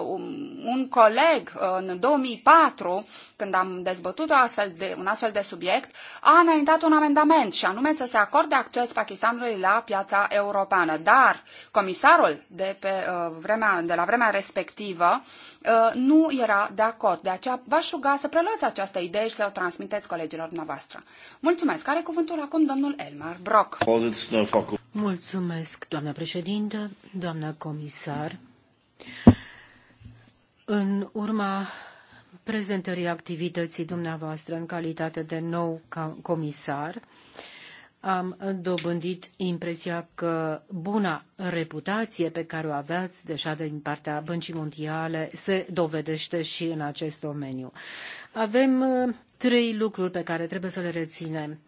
uh, un, coleg uh, în 2004, când am dezbătut o astfel de, un astfel de subiect, a înaintat un amendament și anume să se acorde acces Pakistanului la piața europeană. Dar comisarul de, pe, uh, vremea, de la vremea respectivă uh, Uh, nu era de acord. De aceea v-aș ruga să preluați această idee și să o transmiteți colegilor noastre. Mulțumesc. Are cuvântul acum domnul Elmar Brock. Mulțumesc, doamna președintă, doamna comisar. În urma prezentării activității dumneavoastră în calitate de nou comisar, am dobândit impresia că buna reputație pe care o aveați deja din partea Băncii Mondiale se dovedește și în acest domeniu. Avem uh, trei lucruri pe care trebuie să le reținem.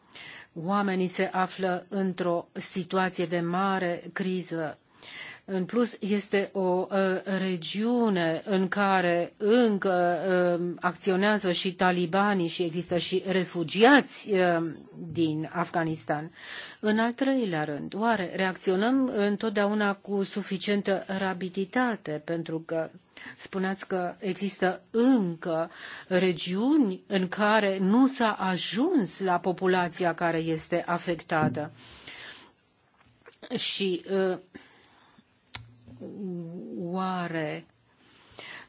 Oamenii se află într-o situație de mare criză în plus, este o ă, regiune în care încă ă, acționează și talibanii și există și refugiați ă, din Afganistan. În al treilea rând, oare reacționăm întotdeauna cu suficientă rapiditate? Pentru că spuneați că există încă regiuni în care nu s-a ajuns la populația care este afectată. Și uh, oare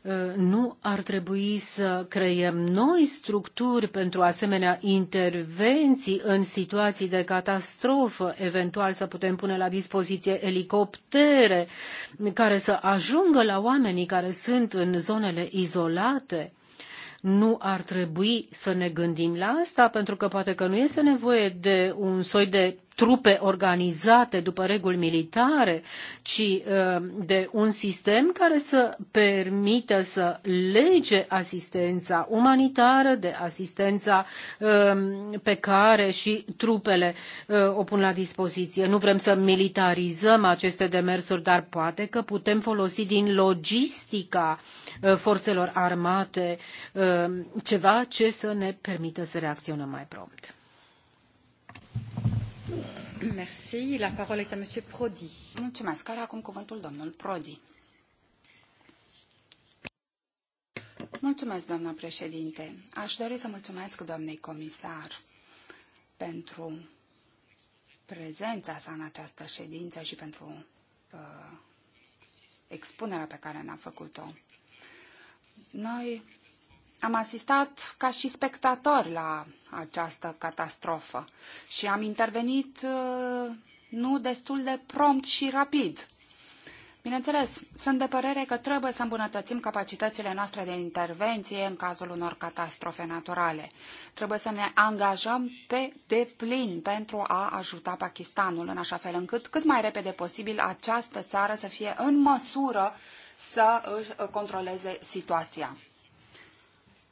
ă, nu ar trebui să creăm noi structuri pentru asemenea intervenții în situații de catastrofă, eventual să putem pune la dispoziție elicoptere care să ajungă la oamenii care sunt în zonele izolate? Nu ar trebui să ne gândim la asta, pentru că poate că nu este nevoie de un soi de trupe organizate după reguli militare, ci uh, de un sistem care să permită să lege asistența umanitară de asistența um, pe care și trupele uh, o pun la dispoziție. Nu vrem să militarizăm aceste demersuri, dar poate că putem folosi din logistica uh, forțelor armate ceva ce să ne permită să reacționăm mai prompt. Merci. Mulțumesc. Prodi. Mulțumesc, președinte. Aș dori să mulțumesc doamnei comisar pentru prezența sa în această ședință și pentru uh, expunerea pe care ne-a făcut-o. Noi am asistat ca și spectator la această catastrofă și am intervenit uh, nu destul de prompt și rapid. Bineînțeles, sunt de părere că trebuie să îmbunătățim capacitățile noastre de intervenție în cazul unor catastrofe naturale. Trebuie să ne angajăm pe deplin pentru a ajuta Pakistanul în așa fel încât cât mai repede posibil această țară să fie în măsură să își controleze situația.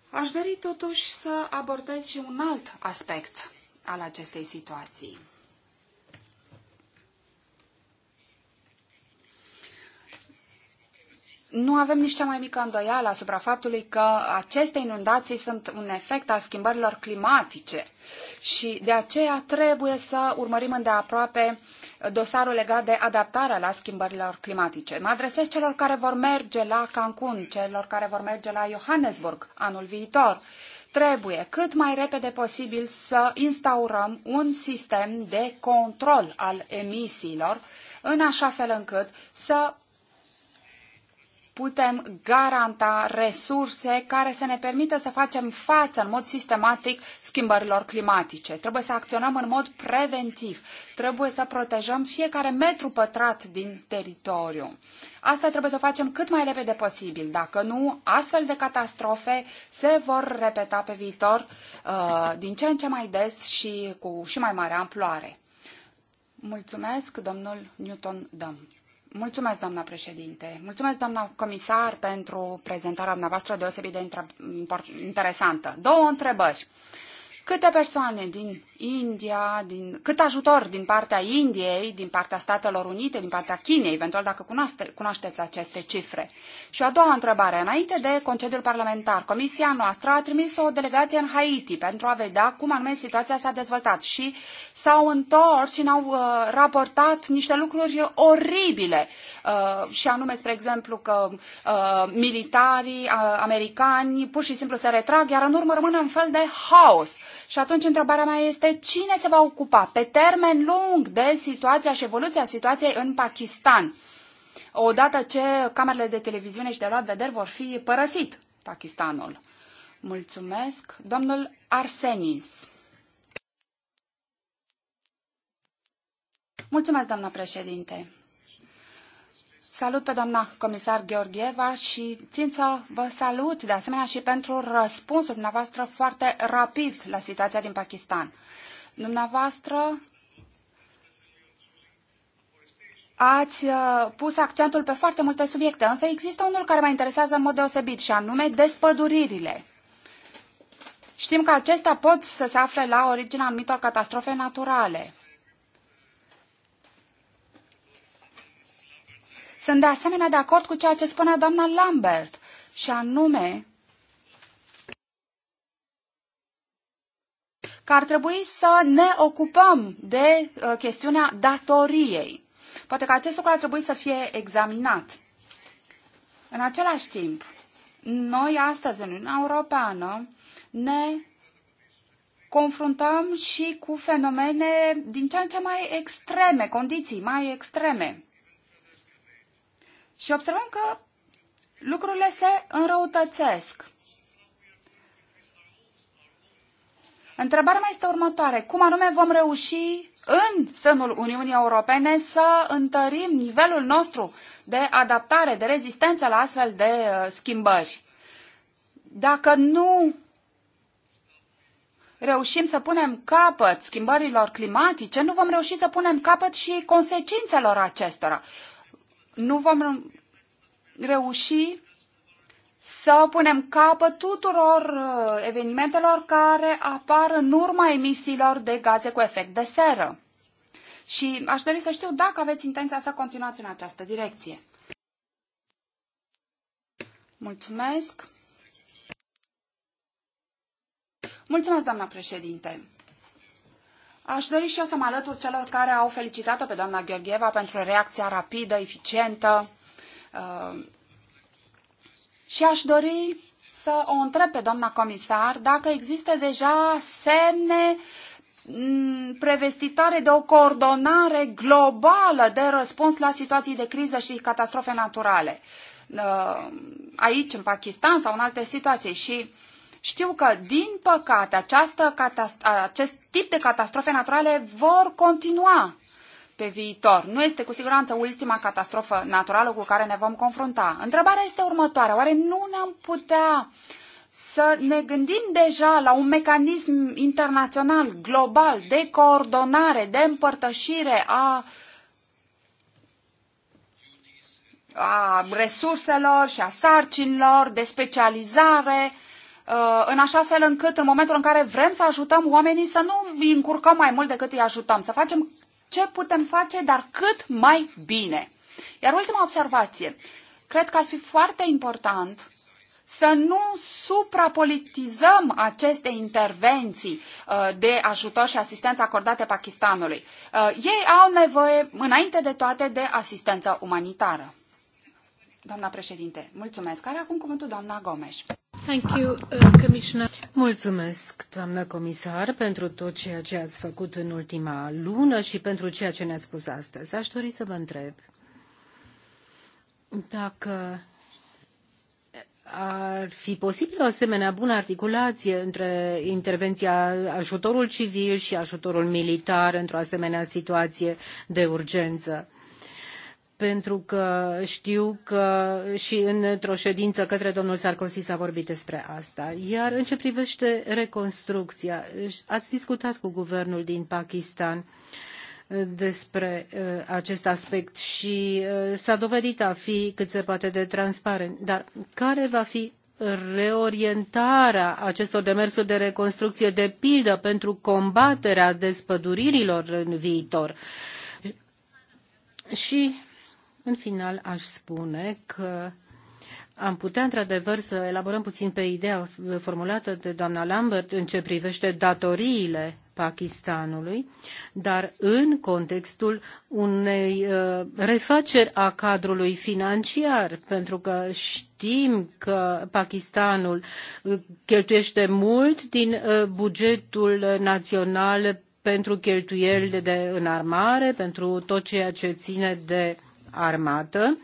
Aș dori totuși să abordez și un alt aspect al acestei situații. nu avem nici cea mai mică îndoială asupra faptului că aceste inundații sunt un efect al schimbărilor climatice și de aceea trebuie să urmărim îndeaproape dosarul legat de adaptarea la schimbărilor climatice. Mă adresez celor care vor merge la Cancun, celor care vor merge la Johannesburg anul viitor trebuie cât mai repede posibil să instaurăm un sistem de control al emisiilor, în așa fel încât să putem garanta resurse care să ne permită să facem față în mod sistematic schimbărilor climatice. Trebuie să acționăm în mod preventiv. Trebuie să protejăm fiecare metru pătrat din teritoriu. Asta trebuie să facem cât mai repede posibil. Dacă nu, astfel de catastrofe se vor repeta pe viitor uh, din ce în ce mai des și cu și mai mare amploare. Mulțumesc, domnul Newton Dunn. Mulțumesc, doamna președinte. Mulțumesc, doamna comisar, pentru prezentarea dumneavoastră deosebit de interesantă. Două întrebări. Uh, câte persoane din India, din, cât ajutor din partea Indiei, din partea Statelor Unite, din partea Chinei, eventual dacă cunoaște, cunoașteți aceste cifre. Și o a doua întrebare, înainte de concediul parlamentar, Comisia noastră a trimis o delegație în Haiti pentru a vedea cum anume situația s-a dezvoltat și s-au întors și ne-au uh, raportat niște lucruri oribile uh, și anume, spre exemplu, că uh, militarii uh, americani pur și simplu se retrag, iar în urmă rămân un fel de haos. Și atunci întrebarea mea este cine se va ocupa pe termen lung de situația și evoluția situației în Pakistan, odată ce camerele de televiziune și de luat vederi vor fi părăsit Pakistanul. Mulțumesc. Domnul Arsenis. Mulțumesc, doamna președinte. Salut pe doamna comisar Gheorgheva și țin să vă salut de asemenea și pentru răspunsul dumneavoastră foarte rapid la situația din Pakistan. Dumneavoastră ați uh, pus accentul pe foarte multe subiecte, însă există unul care mă interesează în mod deosebit și anume despăduririle. Știm că acestea pot să se afle la originea anumitor catastrofe naturale. Sunt de asemenea de acord cu ceea ce spunea doamna Lambert, și anume că ar trebui să ne ocupăm de uh, chestiunea datoriei. Poate că acest lucru ar trebui să fie examinat. În același timp, noi astăzi în Uniunea Europeană ne confruntăm și cu fenomene din ce în ce mai extreme, condiții mai extreme. Și observăm că lucrurile se înrăutățesc. Întrebarea mea este următoare. Cum anume vom reuși în sânul Uniunii Europene să întărim nivelul nostru de adaptare, de rezistență la astfel de uh, schimbări? Dacă nu reușim să punem capăt schimbărilor climatice, nu vom reuși să punem capăt și consecințelor acestora nu vom reuși să punem capăt tuturor uh, evenimentelor care apar în urma emisiilor de gaze cu efect de seră. Și aș dori să știu dacă aveți intenția să continuați în această direcție. Mulțumesc. Mulțumesc, doamna președinte. Aș dori și eu să mă alătur celor care au felicitat-o pe doamna Gheorgheva pentru reacția rapidă, eficientă. Uh, și aș dori să o întreb pe doamna comisar dacă există deja semne mm, prevestitoare de o coordonare globală de răspuns la situații de criză și catastrofe naturale uh, aici, în Pakistan sau în alte situații. Și uh, știu că, din păcate, această acest tip de catastrofe naturale vor continua pe viitor. Nu este cu siguranță ultima catastrofă naturală cu care ne vom confrunta. Întrebarea este următoarea. Oare nu ne-am putea să ne gândim deja la un mecanism internațional, global, de coordonare, de împărtășire a, a resurselor și a sarcinilor, de specializare, uh, Uh, în așa fel încât în momentul în care vrem să ajutăm oamenii să nu îi încurcăm mai mult decât îi ajutăm, să facem ce putem face, dar cât mai bine. Iar ultima observație. Cred că ar fi foarte important să nu suprapolitizăm aceste intervenții uh, de ajutor și asistență acordate Pakistanului. Uh, ei au nevoie, înainte de toate, de asistență umanitară. Doamna președinte, mulțumesc. Are acum cuvântul doamna Gomes. Uh, Mulțumesc, doamnă comisar, pentru tot ceea ce ați făcut în ultima lună și pentru ceea ce ne-ați spus astăzi. Aș dori să vă întreb dacă ar fi posibil o asemenea bună articulație între intervenția ajutorul civil și ajutorul militar într o asemenea situație de urgență pentru că știu că și într o ședință către domnul Sarkozy s-a vorbit despre asta. Iar în ce privește reconstrucția, ați discutat cu guvernul din Pakistan despre uh, acest aspect și uh, s-a dovedit a fi cât se poate de transparent. Dar care va fi reorientarea acestor demersuri de reconstrucție, de pildă pentru combaterea despăduririlor în viitor? Și în final, aș spune că am putea, într-adevăr, să elaborăm puțin pe ideea formulată de doamna Lambert în ce privește datoriile Pakistanului, dar în contextul unei uh, refaceri a cadrului financiar, pentru că știm că Pakistanul uh, cheltuiește mult din uh, bugetul național pentru cheltuieli de înarmare, pentru tot ceea ce ține de armată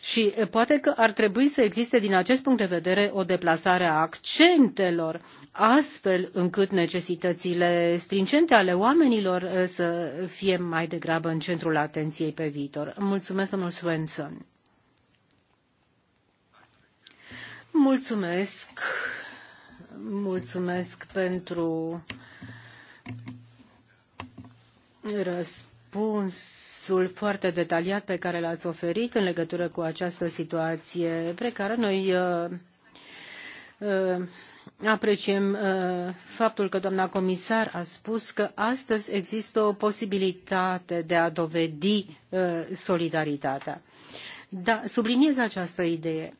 și poate că ar trebui să existe din acest punct de vedere o deplasare a accentelor astfel încât necesitățile stringente ale oamenilor să fie mai degrabă în centrul atenției pe viitor. Mulțumesc, domnul Svensson. Mulțumesc. Mulțumesc pentru răspuns răspunsul foarte detaliat pe care l-ați oferit în legătură cu această situație precară. Noi uh, uh, apreciem uh, faptul că doamna comisar a spus că astăzi există o posibilitate de a dovedi solidaritatea. Dar subliniez această idee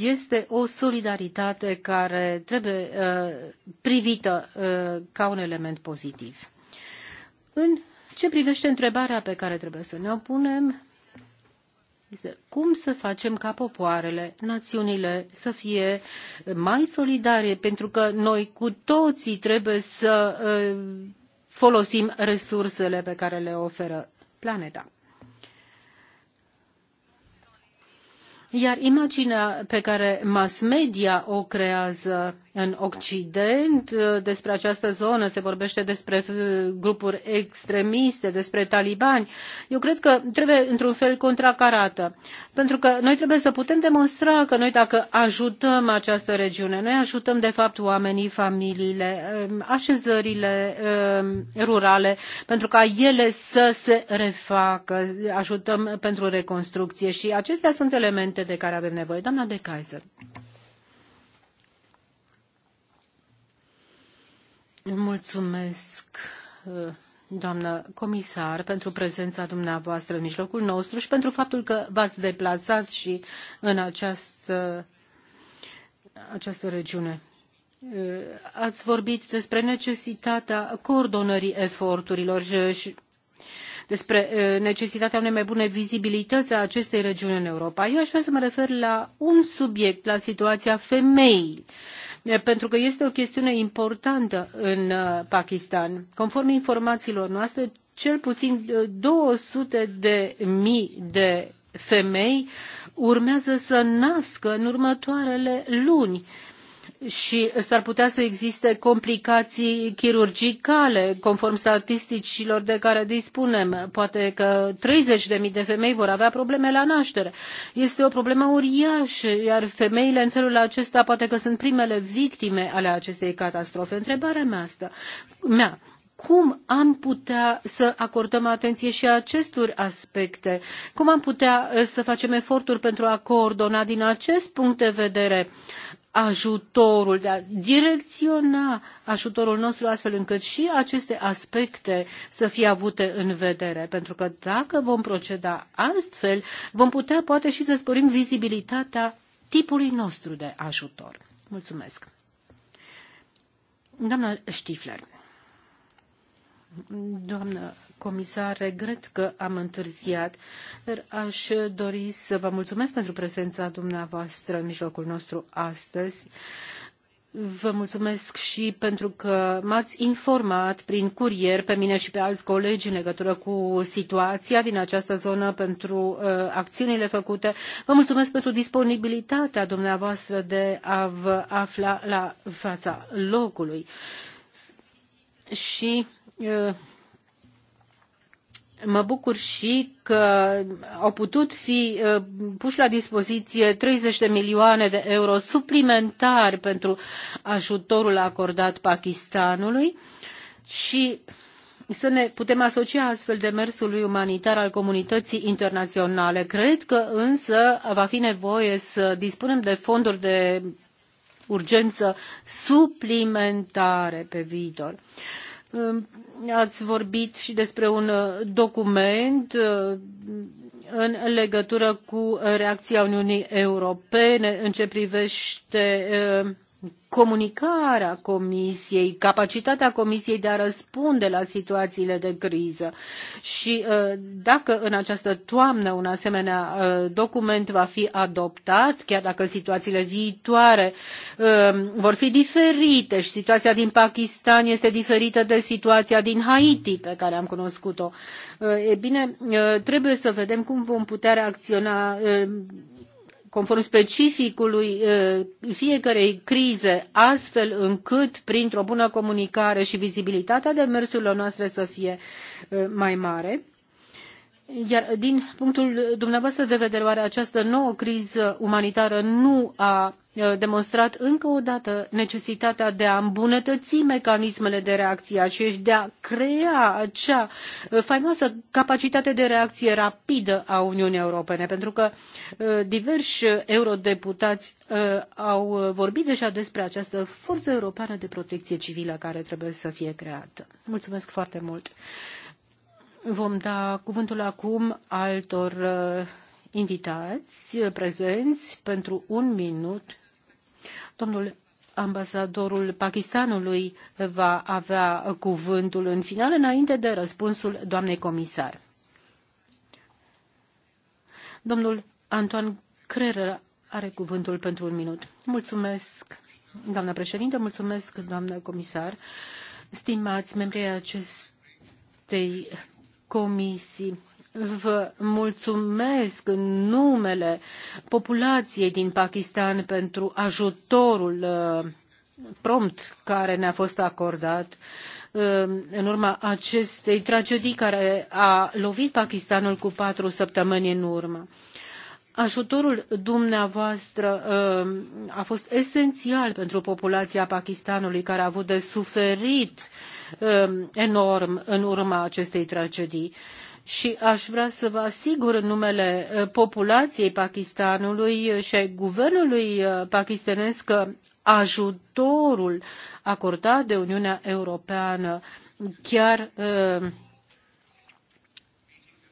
este o solidaritate care trebuie privită ca un element pozitiv. În ce privește întrebarea pe care trebuie să ne-o punem, este cum să facem ca popoarele, națiunile să fie mai solidare, pentru că noi cu toții trebuie să folosim resursele pe care le oferă planeta. Iar imaginea pe care mass media o creează în Occident. Uh, despre această zonă se vorbește despre uh, grupuri extremiste, despre talibani. Eu cred că trebuie, într-un fel, contracarată. Pentru că noi trebuie să putem demonstra că noi, dacă ajutăm această regiune, noi ajutăm, de fapt, oamenii, familiile, um, așezările um, rurale, pentru ca ele să se refacă, ajutăm pentru reconstrucție și acestea sunt elemente de care avem nevoie. Doamna de Kaiser. Mulțumesc, uh, doamnă comisar, pentru prezența dumneavoastră în mijlocul nostru și pentru faptul că v-ați deplasat și în această, această regiune. Uh, ați vorbit despre necesitatea coordonării eforturilor și despre uh, necesitatea unei mai bune vizibilități a acestei regiuni în Europa. Eu aș vrea să mă refer la un subiect, la situația femeii pentru că este o chestiune importantă în uh, Pakistan. Conform informațiilor noastre, cel puțin 200 uh, de mii de femei urmează să nască în următoarele luni și s-ar putea să existe complicații chirurgicale, conform statisticilor de care dispunem. Poate că treizeci de mii de femei vor avea probleme la naștere. Este o problemă uriașă, iar femeile în felul acesta poate că sunt primele victime ale acestei catastrofe. Întrebarea mea asta, mea, cum am putea să acordăm atenție și acestor aspecte? Cum am putea eh, să facem eforturi pentru a coordona din acest punct de vedere ajutorul, de a direcționa ajutorul nostru astfel încât și aceste aspecte să fie avute în vedere. Pentru că dacă vom proceda astfel, vom putea poate și să sporim vizibilitatea tipului nostru de ajutor. Mulțumesc. Doamna Stifler. Doamnă comisar, regret că am întârziat, dar aș dori să vă mulțumesc pentru prezența dumneavoastră în mijlocul nostru astăzi. Vă mulțumesc și pentru că m-ați informat prin curier pe mine și pe alți colegi în legătură cu situația din această zonă pentru uh, acțiunile făcute. Vă mulțumesc pentru disponibilitatea dumneavoastră de a vă afla la fața locului. Și Uh, mă bucur și că au putut fi uh, puși la dispoziție 30 de milioane de euro suplimentari pentru ajutorul acordat Pakistanului și să ne putem asocia astfel demersului umanitar al comunității internaționale. Cred că însă va fi nevoie să dispunem de fonduri de urgență suplimentare pe viitor. Uh, Ați vorbit și despre un uh, document uh, în legătură cu reacția Uniunii Europene în ce privește uh, comunicarea Comisiei, capacitatea Comisiei de a răspunde la situațiile de criză. Și uh, dacă în această toamnă un asemenea uh, document va fi adoptat, chiar dacă situațiile viitoare uh, vor fi diferite și situația din Pakistan este diferită de situația din Haiti pe care am cunoscut-o, e bine, trebuie să vedem cum vom putea reacționa conform specificului uh, fiecarei crize, astfel încât, printr-o bună comunicare și vizibilitatea demersurilor noastre să fie uh, mai mare. Iar din punctul dumneavoastră de vedere, oare această nouă criză umanitară nu a Uh, demonstrat încă o dată necesitatea de a îmbunătăți mecanismele de reacție și deci de a crea acea uh, faimoasă capacitate de reacție rapidă a Uniunii Europene, pentru că uh, diversi eurodeputați au vorbit deja despre această forță europeană de protecție civilă care trebuie să fie creată. Mulțumesc foarte mult! Vom da cuvântul acum altor invitați prezenți pentru un minut Domnul ambasadorul Pakistanului va avea cuvântul în final, înainte de răspunsul doamnei comisar. Domnul Antoine Crerer are cuvântul pentru un minut. Mulțumesc, doamna președinte, mulțumesc, doamna comisar, stimați membrii acestei comisii. Vă mulțumesc în numele populației din Pakistan pentru ajutorul uh, prompt care ne-a fost acordat uh, în urma acestei tragedii care a lovit Pakistanul cu patru săptămâni în urmă. Ajutorul dumneavoastră uh, a fost esențial pentru populația Pakistanului care a avut de suferit enorm în urma acestei tragedii și aș vrea să vă asigur în numele uh, populației Pakistanului și guvernului uh, pakistanez că ajutorul acordat de Uniunea Europeană chiar uh,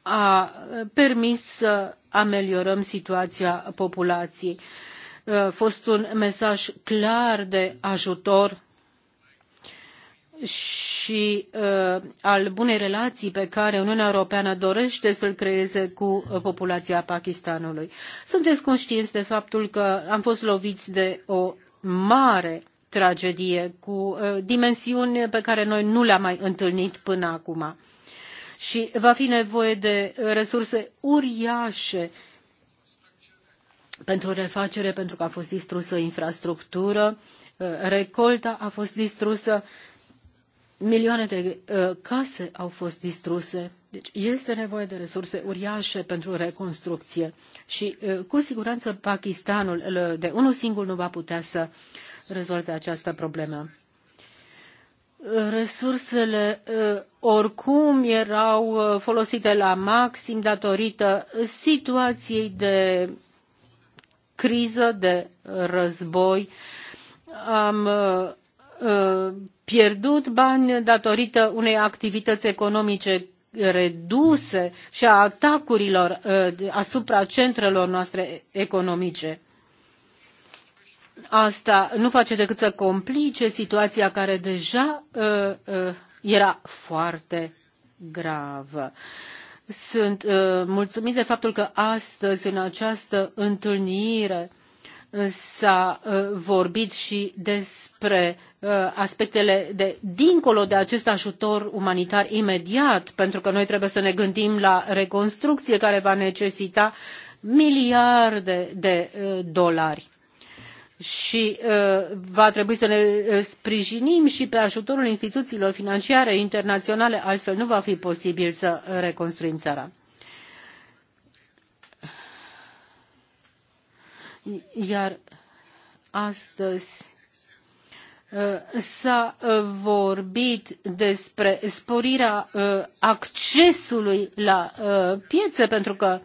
a permis să ameliorăm situația populației. A fost un mesaj clar de ajutor și uh, al bunei relații pe care Uniunea Europeană dorește să-l creeze cu uh, populația Pakistanului. Sunteți conștienți de faptul că am fost loviți de o mare tragedie cu uh, dimensiuni pe care noi nu le-am mai întâlnit până acum. Și va fi nevoie de resurse uriașe pentru refacere, pentru că a fost distrusă infrastructură, uh, recolta a fost distrusă, uh, milioane de uh, case au fost distruse. Deci este nevoie de resurse uriașe pentru reconstrucție și uh, cu siguranță Pakistanul uh, de unul singur nu va putea să rezolve această problemă. Uh, resursele uh, oricum erau uh, folosite la maxim datorită situației de criză, de război. Am Uh, pierdut bani datorită unei activități economice reduse și a atacurilor uh, asupra centrelor noastre economice. Asta nu face decât să complice situația care deja uh, era foarte gravă. Sunt mulțumit de faptul că astăzi, în această întâlnire, s-a uh, vorbit și despre uh, aspectele de dincolo de acest ajutor umanitar imediat, pentru că noi trebuie să ne gândim la reconstrucție care va necesita miliarde de uh, dolari și va trebui să ne sprijinim și pe ajutorul instituțiilor financiare internaționale altfel nu va fi posibil să reconstruim țara. Iar astăzi uh, s-a uh, vorbit despre sporirea uh, accesului la piețe, pentru că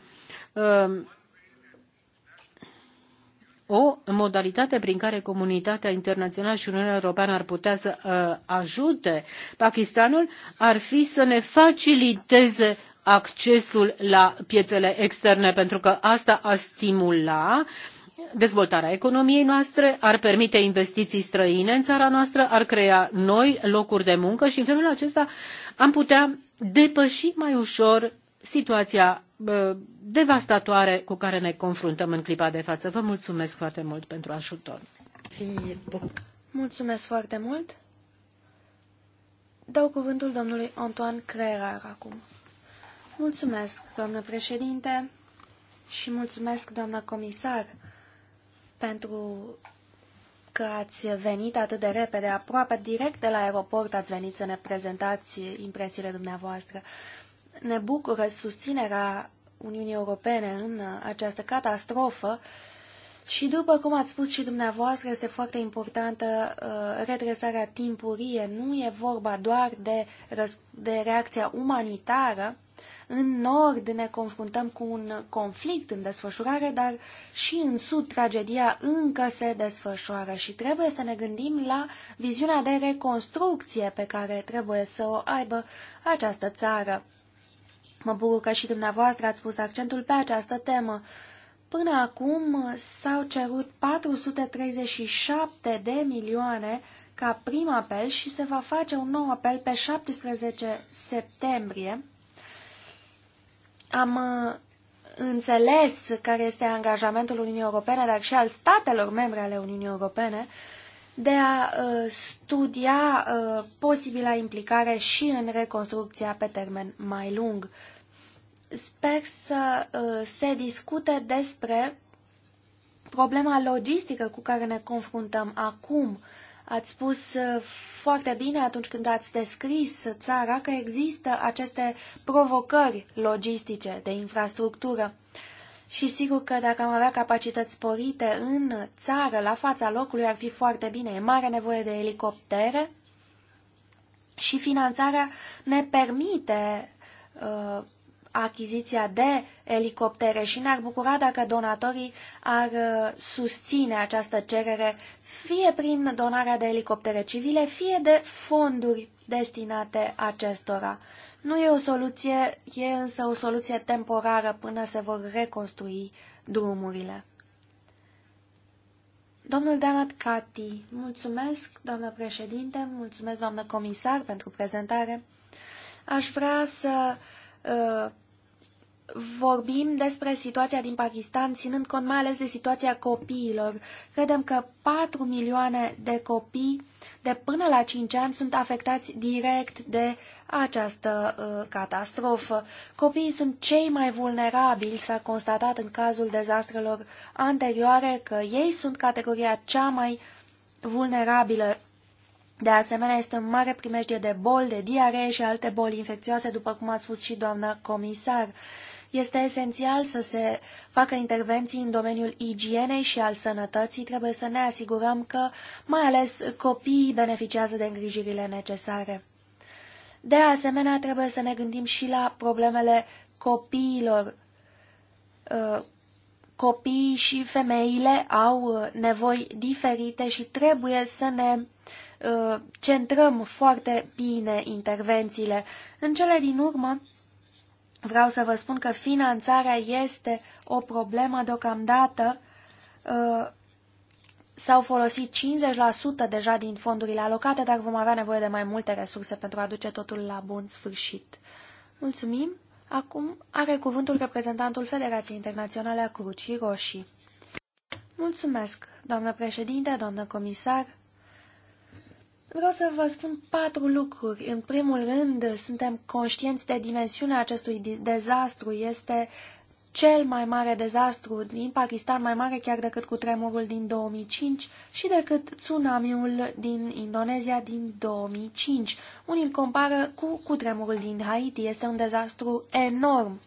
o modalitate prin care comunitatea internațională și Uniunea Europeană ar putea să ajute Pakistanul ar fi să ne faciliteze accesul la piețele externe, pentru că asta a stimula uh, dezvoltarea economiei noastre, ar permite investiții străine în țara noastră, ar crea noi locuri de muncă și în felul acesta am putea depăși mai ușor situația devastatoare cu care ne confruntăm în clipa de față. Vă mulțumesc foarte mult pentru ajutor. Mulțumesc foarte mult. Dau cuvântul domnului Antoine Crerar acum. Mulțumesc, doamnă președinte, și mulțumesc, doamnă comisar, pentru că ați venit atât de repede, aproape direct de la aeroport ați venit să ne prezentați impresiile dumneavoastră. Ne bucură susținerea Uniunii Europene în această catastrofă și după cum ați spus și dumneavoastră, este foarte importantă uh, redresarea timpurie. Nu e vorba doar de, de reacția umanitară, în nord ne confruntăm cu un conflict în desfășurare, dar și în sud tragedia încă se desfășoară și trebuie să ne gândim la viziunea de reconstrucție pe care trebuie să o aibă această țară. Mă bucur că și dumneavoastră ați pus accentul pe această temă. Până acum s-au cerut 437 de milioane ca prim apel și se va face un nou apel pe 17 septembrie am uh, înțeles care este angajamentul Uniunii Europene, dar și al statelor membre ale Uniunii Europene, de a uh, studia uh, posibila implicare și în reconstrucția pe termen mai lung. Sper să se discute despre problema logistică cu care ne confruntăm acum Ați spus uh, foarte bine atunci când ați descris țara că există aceste provocări logistice de infrastructură. Și sigur că dacă am avea capacități sporite în țară, la fața locului, ar fi foarte bine. E mare nevoie de elicoptere și finanțarea ne permite uh, achiziția de elicoptere și ne-ar bucura dacă donatorii ar uh, susține această cerere fie prin donarea de elicoptere civile, fie de fonduri destinate acestora. Nu e o soluție, e însă o soluție temporară până se vor reconstrui drumurile. Domnul Damat Cati, mulțumesc, doamnă președinte, mulțumesc, doamnă comisar, pentru prezentare. Aș vrea să uh, Uh, vorbim despre situația din Pakistan, ținând cont mai ales de situația copiilor. Credem că 4 milioane de copii de până la 5 ani sunt afectați direct de această uh, catastrofă. Copiii sunt cei mai vulnerabili, s-a constatat în cazul dezastrelor anterioare că ei sunt categoria cea mai vulnerabilă de asemenea, este o mare primejdie de boli, de diaree și alte boli infecțioase, după cum a spus și doamna comisar. Este esențial să se facă intervenții în domeniul igienei și al sănătății. Trebuie să ne asigurăm că, mai ales, copiii beneficiază de îngrijirile necesare. De asemenea, trebuie să ne gândim și la problemele copiilor. Uh, copiii și femeile au uh, nevoi diferite și trebuie să ne Uh, centrăm foarte bine intervențiile. În cele din urmă, vreau să vă spun că finanțarea este o problemă deocamdată. Uh, S-au folosit 50% deja din fondurile alocate, dar vom avea nevoie de mai multe resurse pentru a duce totul la bun sfârșit. Mulțumim! Acum are cuvântul reprezentantul Federației Internaționale a Crucii Roșii. Mulțumesc, doamnă președinte, doamnă comisar. Vreau să vă spun patru lucruri. În primul rând, suntem conștienți de dimensiunea acestui dezastru. Este cel mai mare dezastru din Pakistan, mai mare chiar decât cu tremurul din 2005 și decât tsunamiul din Indonezia din 2005. Unii îl compară cu, cu tremurul din Haiti. Este un dezastru enorm.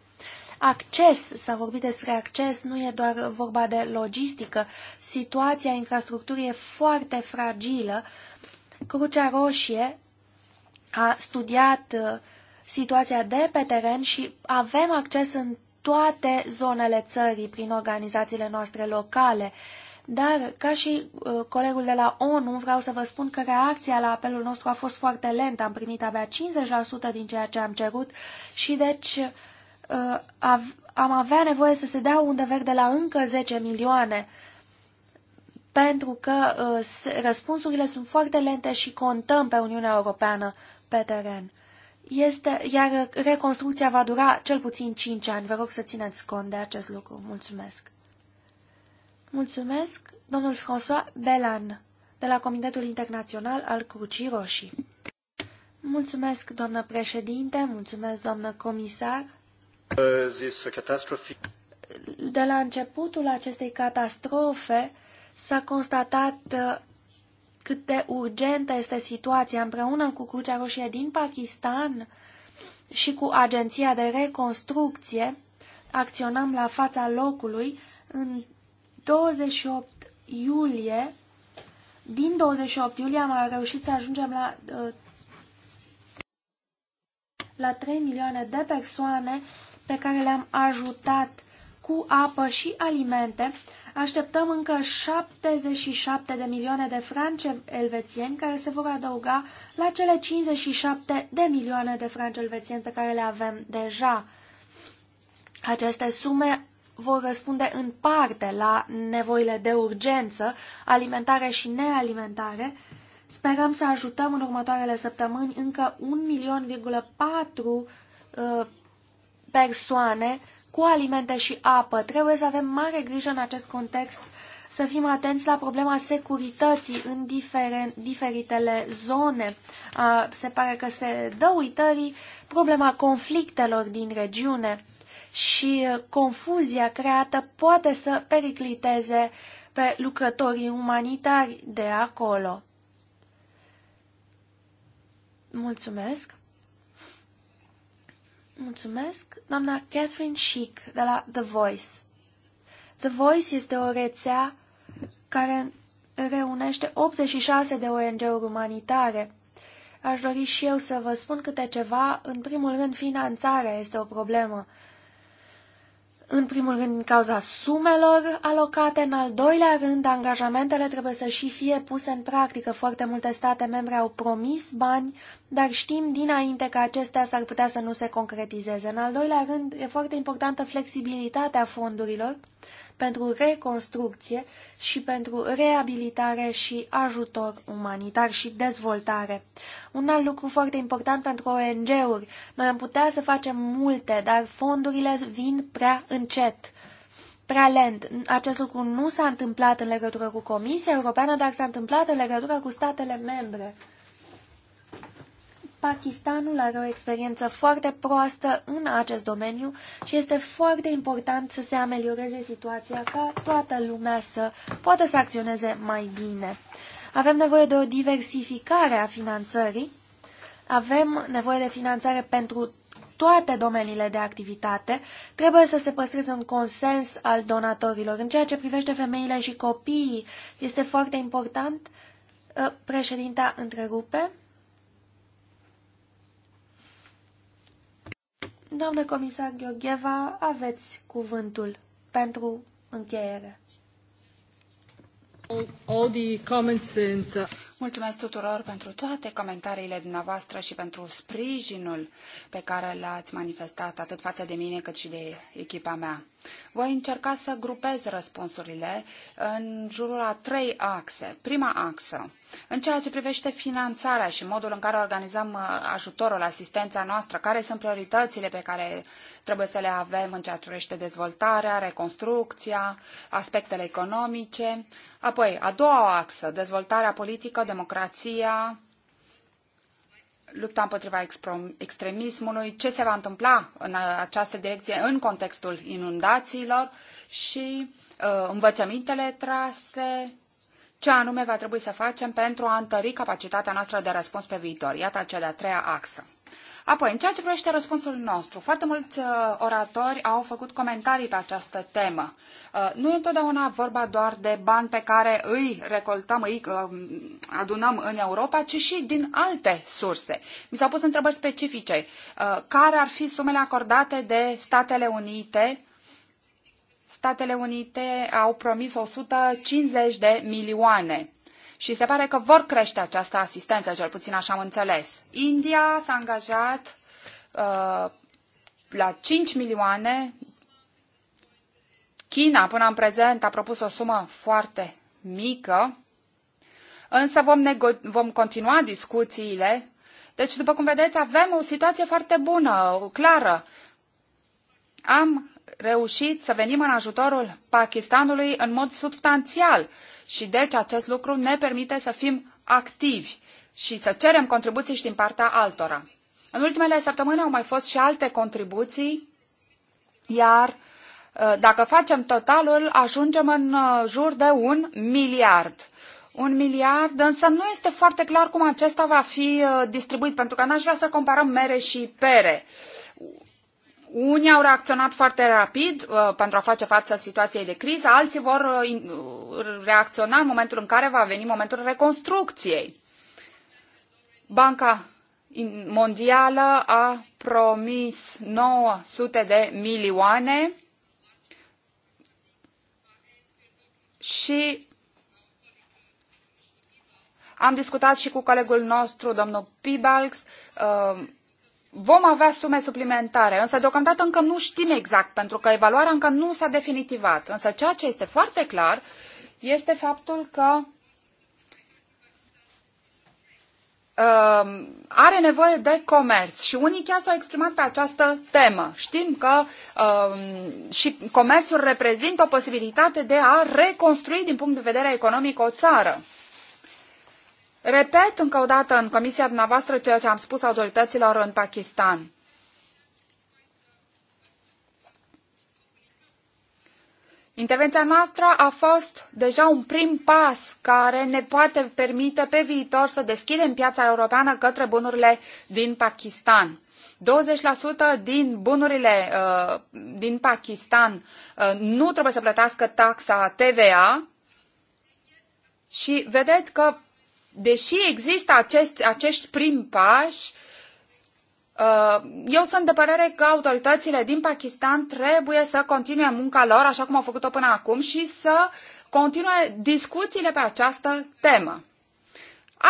Acces, s-a vorbit despre acces, nu e doar vorba de logistică. Situația infrastructurii e foarte fragilă Crucea Roșie a studiat uh, situația de pe teren și avem acces în toate zonele țării prin organizațiile noastre locale. Dar, ca și uh, colegul de la ONU, vreau să vă spun că reacția la apelul nostru a fost foarte lentă. Am primit abia 50% din ceea ce am cerut și deci uh, av am avea nevoie să se dea undă verde la încă 10 milioane pentru că uh, răspunsurile sunt foarte lente și contăm pe Uniunea Europeană pe teren. Este, iar reconstrucția va dura cel puțin 5 ani. Vă rog să țineți cont de acest lucru. Mulțumesc. Mulțumesc, domnul François Belan, de la Comitetul Internațional al Crucii Roșii. Mulțumesc, doamnă președinte, mulțumesc, doamnă comisar. De la începutul acestei catastrofe, s-a constatat uh, cât de urgentă este situația împreună cu Crucea Roșie din Pakistan și cu Agenția de Reconstrucție. Acționam la fața locului în 28 iulie. Din 28 iulie am reușit să ajungem la uh, la 3 milioane de persoane pe care le-am ajutat cu apă și alimente Așteptăm încă 77 de milioane de franci elvețieni care se vor adăuga la cele 57 de milioane de franci elvețieni pe care le avem deja. Aceste sume vor răspunde în parte la nevoile de urgență, alimentare și nealimentare. Sperăm să ajutăm în următoarele săptămâni încă 1,4 uh, persoane cu alimente și apă. Trebuie să avem mare grijă în acest context să fim atenți la problema securității în diferitele zone. A, se pare că se dă uitării problema conflictelor din regiune și confuzia creată poate să pericliteze pe lucrătorii umanitari de acolo. Mulțumesc! Mulțumesc. Doamna Catherine Schick, de la The Voice. The Voice este o rețea care reunește 86 de ONG-uri umanitare. Aș dori și eu să vă spun câte ceva. În primul rând, finanțarea este o problemă în primul rând din cauza sumelor alocate, în al doilea rând angajamentele trebuie să și fie puse în practică. Foarte multe state membre au promis bani, dar știm dinainte că acestea s-ar putea să nu se concretizeze. În al doilea rând e foarte importantă flexibilitatea fondurilor, pentru reconstrucție și pentru reabilitare și ajutor umanitar și dezvoltare. Un alt lucru foarte important pentru ONG-uri. Noi am putea să facem multe, dar fondurile vin prea încet prea lent. Acest lucru nu s-a întâmplat în legătură cu Comisia Europeană, dar s-a întâmplat în legătură cu statele membre. Pakistanul are o experiență foarte proastă în acest domeniu și este foarte important să se amelioreze situația ca toată lumea să poată să acționeze mai bine. Avem nevoie de o diversificare a finanțării, avem nevoie de finanțare pentru toate domeniile de activitate, trebuie să se păstreze un consens al donatorilor. În ceea ce privește femeile și copiii, este foarte important. Uh, președinta întrerupe. Doamnă comisar Gheorgheva, aveți cuvântul pentru încheiere. All, all the comments and... Uh, Mulțumesc tuturor pentru toate comentariile dumneavoastră și pentru sprijinul pe care l-ați manifestat atât față de mine cât și de echipa mea. Voi încerca să grupez răspunsurile în jurul a trei axe. Prima axă, în ceea ce privește finanțarea și modul în care organizăm uh, ajutorul, asistența noastră, care sunt prioritățile pe care trebuie să le avem în ceea ce privește dezvoltarea, reconstrucția, aspectele economice. Apoi, a doua axă, dezvoltarea politică democrația, lupta împotriva extremismului, ce se va întâmpla în această direcție în contextul inundațiilor și uh, învățămintele trase, ce anume va trebui să facem pentru a întări capacitatea noastră de răspuns pe viitor. Iată cea de-a treia axă. Apoi, în ceea ce privește răspunsul nostru, foarte mulți uh, oratori au făcut comentarii pe această temă. Uh, nu e întotdeauna vorba doar de bani pe care îi recoltăm, îi uh, adunăm în Europa, ci și din alte surse. Mi s-au pus întrebări specifice. Uh, care ar fi sumele acordate de Statele Unite Statele Unite au promis 150 de milioane și se pare că vor crește această asistență, cel puțin așa am înțeles. India s-a angajat uh, la 5 milioane. China, până în prezent, a propus o sumă foarte mică, însă vom, vom continua discuțiile. Deci, după cum vedeți, avem o situație foarte bună, clară. Am reușit să venim în ajutorul Pakistanului în mod substanțial și deci acest lucru ne permite să fim activi și să cerem contribuții și din partea altora. În ultimele săptămâni au mai fost și alte contribuții, iar ă, dacă facem totalul, ajungem în ă, jur de un miliard. Un miliard, însă nu este foarte clar cum acesta va fi ă, distribuit, pentru că n-aș vrea să comparăm mere și pere. Uh, unii au reacționat foarte rapid uh, pentru a face față situației de criză, alții vor uh, uh reacționa în momentul în care va veni momentul reconstrucției. Banca Mondială a promis 900 de milioane și am discutat și cu colegul nostru, domnul Pibalx, uh, Vom avea sume suplimentare, însă deocamdată încă nu știm exact, pentru că evaluarea încă nu s-a definitivat. Însă ceea ce este foarte clar este faptul că uh, are nevoie de comerț și unii chiar s-au exprimat pe această temă. Știm că uh, și comerțul reprezintă o posibilitate de a reconstrui din punct de vedere economic o țară. Repet încă o dată în comisia dumneavoastră ceea ce am spus autorităților în Pakistan. Intervenția noastră a fost deja un prim pas care ne poate permite pe viitor să deschidem piața europeană către bunurile din Pakistan. 20% din bunurile uh, din Pakistan uh, nu trebuie să plătească taxa TVA și vedeți că deși există acest, acești prim pași, uh, eu sunt de părere că autoritățile din Pakistan trebuie să continue munca lor, așa cum au făcut-o până acum, și să continue discuțiile pe această temă.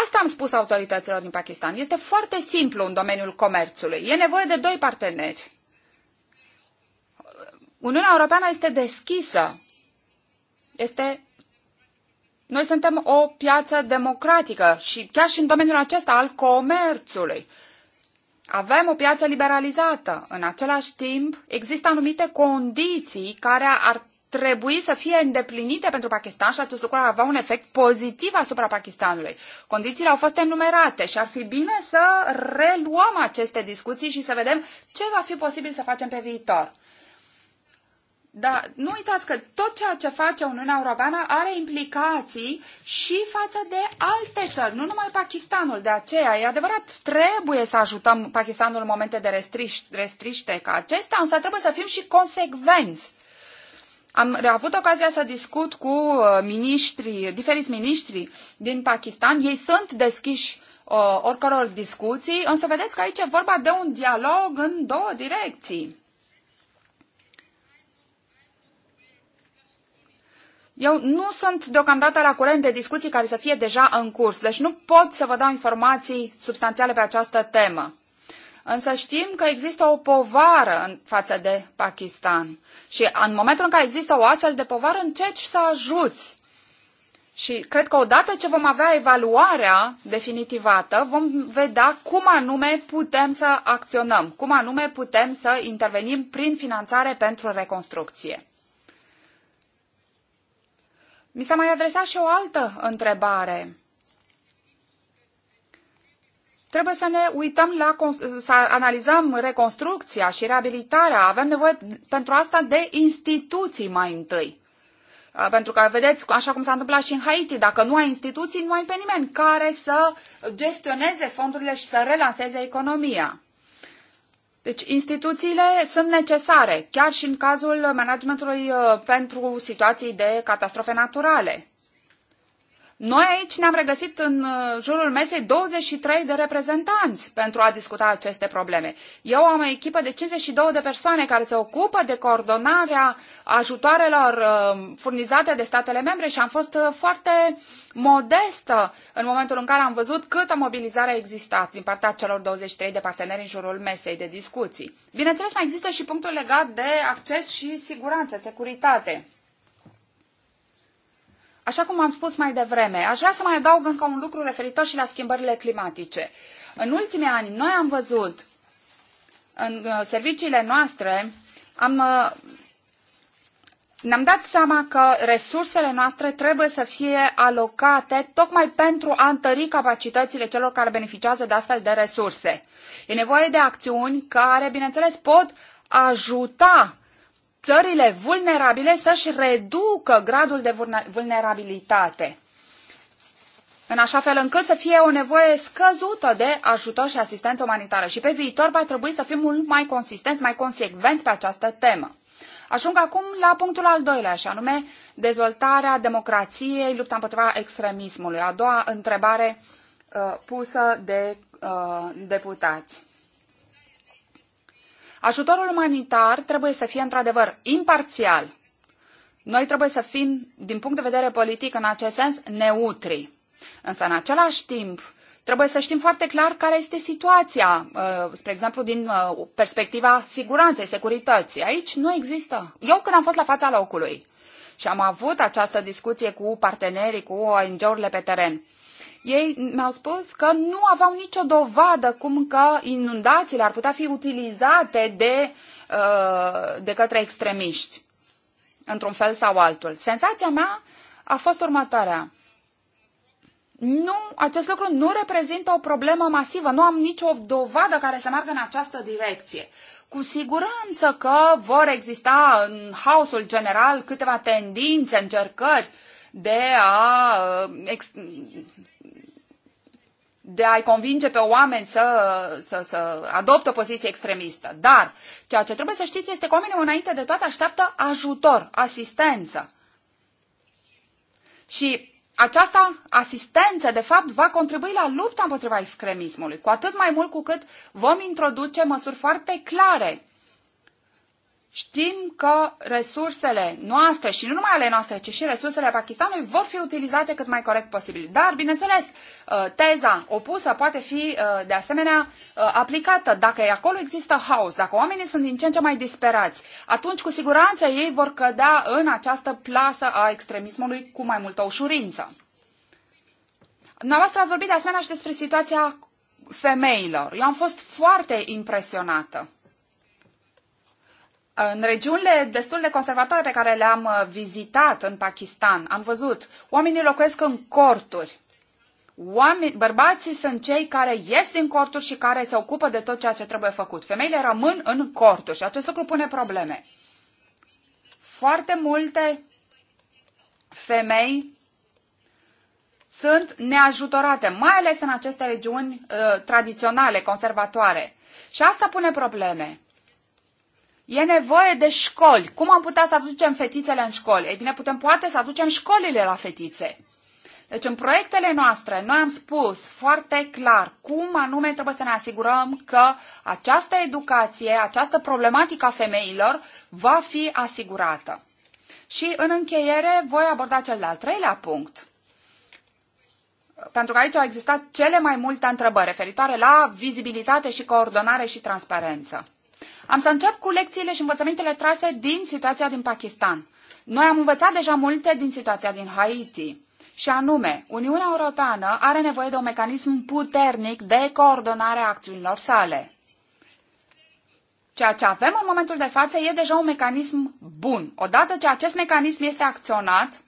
Asta am spus autorităților din Pakistan. Este foarte simplu în domeniul comerțului. E nevoie de doi parteneri. Uniunea Europeană este deschisă. Este noi suntem o piață democratică și chiar și în domeniul acesta al comerțului. Avem o piață liberalizată. În același timp, există anumite condiții care ar trebui să fie îndeplinite pentru Pakistan și acest lucru ar avea un efect pozitiv asupra Pakistanului. Condițiile au fost enumerate și ar fi bine să reluăm aceste discuții și să vedem ce va fi posibil să facem pe viitor. Dar nu uitați că tot ceea ce face Uniunea Europeană are implicații și față de alte țări, nu numai Pakistanul. De aceea, e adevărat, trebuie să ajutăm Pakistanul în momente de restriște ca acestea, însă trebuie să fim și consecvenți. Am avut ocazia să discut cu uh, miniștri, diferiți miniștri din Pakistan. Ei sunt deschiși uh, oricăror discuții, însă vedeți că aici e vorba de un dialog în două direcții. Eu nu sunt deocamdată la curent de discuții care să fie deja în curs, deci nu pot să vă dau informații substanțiale pe această temă. Însă știm că există o povară în față de Pakistan și în momentul în care există o astfel de povară încerci să ajuți. Și cred că odată ce vom avea evaluarea definitivată, vom vedea cum anume putem să acționăm, cum anume putem să intervenim prin finanțare pentru reconstrucție. Mi s-a mai adresat și o altă întrebare. Trebuie să ne uităm la, să analizăm reconstrucția și reabilitarea. Avem nevoie pentru asta de instituții mai întâi. Pentru că, vedeți, așa cum s-a întâmplat și în Haiti, dacă nu ai instituții, nu ai pe nimeni care să gestioneze fondurile și să relanseze economia. Deci instituțiile sunt necesare, chiar și în cazul managementului uh, pentru situații de catastrofe naturale. Noi aici ne-am regăsit în uh, jurul mesei 23 de reprezentanți pentru a discuta aceste probleme. Eu am o echipă de 52 de persoane care se ocupă de coordonarea ajutoarelor uh, furnizate de statele membre și am fost uh, foarte modestă în momentul în care am văzut câtă mobilizare a existat din partea celor 23 de parteneri în jurul mesei de discuții. Bineînțeles, mai există și punctul legat de acces și siguranță, securitate. Așa cum am spus mai devreme, aș vrea să mai adaug încă un lucru referitor și la schimbările climatice. În ultimii ani, noi am văzut în uh, serviciile noastre, am, uh, ne-am dat seama că resursele noastre trebuie să fie alocate tocmai pentru a întări capacitățile celor care beneficiază de astfel de resurse. E nevoie de acțiuni care, bineînțeles, pot ajuta țările vulnerabile să-și reducă gradul de vulnerabilitate, în așa fel încât să fie o nevoie scăzută de ajutor și asistență umanitară. Și pe viitor va trebui să fim mult mai consistenți, mai consecvenți pe această temă. Ajung acum la punctul al doilea, și anume dezvoltarea democrației, lupta împotriva extremismului. A doua întrebare uh, pusă de uh, deputați. Ajutorul umanitar trebuie să fie într-adevăr imparțial. Noi trebuie să fim, din punct de vedere politic, în acest sens, neutri. Însă, în același timp, trebuie să știm foarte clar care este situația, uh, spre exemplu, din uh, perspectiva siguranței, securității. Aici nu există. Eu când am fost la fața locului și am avut această discuție cu partenerii, cu ONG-urile pe teren, ei mi-au spus că nu aveau nicio dovadă cum că inundațiile ar putea fi utilizate de, uh, de către extremiști, într-un fel sau altul. Senzația mea a fost următoarea. Nu, acest lucru nu reprezintă o problemă masivă. Nu am nicio dovadă care să meargă în această direcție. Cu siguranță că vor exista în haosul general câteva tendințe, încercări de a uh, de a-i convinge pe oameni să, să, să adopte o poziție extremistă. Dar ceea ce trebuie să știți este că oamenii înainte de toate așteaptă ajutor, asistență. Și această asistență, de fapt, va contribui la lupta împotriva extremismului, cu atât mai mult cu cât vom introduce măsuri foarte clare Știm că resursele noastre și nu numai ale noastre, ci și resursele Pakistanului vor fi utilizate cât mai corect posibil. Dar, bineînțeles, uh, teza opusă poate fi uh, de asemenea uh, aplicată. Dacă acolo există haos, dacă oamenii sunt din ce în ce mai disperați, atunci cu siguranță ei vor cădea în această plasă a extremismului cu mai multă ușurință. Dumneavoastră ați vorbit de asemenea și despre situația femeilor. Eu am fost foarte impresionată în regiunile destul de conservatoare pe care le-am uh, vizitat în Pakistan, am văzut, oamenii locuiesc în corturi. Oameni, bărbații sunt cei care ies din corturi și care se ocupă de tot ceea ce trebuie făcut. Femeile rămân în corturi și acest lucru pune probleme. Foarte multe femei sunt neajutorate, mai ales în aceste regiuni uh, tradiționale, conservatoare. Și asta pune probleme. E nevoie de școli. Cum am putea să aducem fetițele în școli? Ei bine, putem poate să aducem școlile la fetițe. Deci în proiectele noastre noi am spus foarte clar cum anume trebuie să ne asigurăm că această educație, această problematică a femeilor va fi asigurată. Și în încheiere voi aborda cel de-al treilea punct. Pentru că aici au existat cele mai multe întrebări referitoare la vizibilitate și coordonare și transparență. Am să încep cu lecțiile și învățămintele trase din situația din Pakistan. Noi am învățat deja multe din situația din Haiti. Și anume, Uniunea Europeană are nevoie de un mecanism puternic de coordonare a acțiunilor sale. Ceea ce avem în momentul de față e deja un mecanism bun. Odată ce acest mecanism este acționat,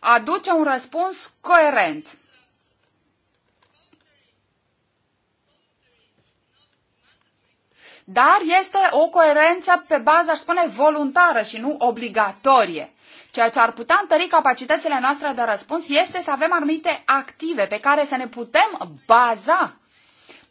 aduce un răspuns coerent. dar este o coerență pe bază, aș spune, voluntară și nu obligatorie. Ceea ce ar putea întări capacitățile noastre de răspuns este să avem anumite active pe care să ne putem baza.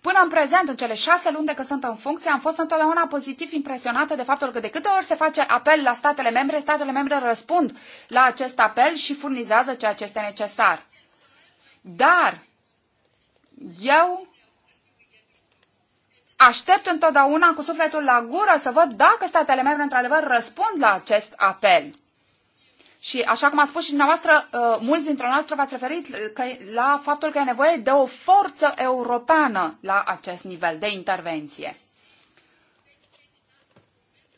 Până în prezent, în cele șase luni de când sunt în funcție, am fost întotdeauna pozitiv impresionată de faptul că de câte ori se face apel la statele membre, statele membre răspund la acest apel și furnizează ceea ce este necesar. Dar eu aștept întotdeauna cu sufletul la gură să văd dacă statele membre într-adevăr răspund la acest apel. Și așa cum a spus și dumneavoastră, uh, mulți dintre noastre v-ați referit uh, la faptul că e nevoie de o forță europeană la acest nivel de intervenție.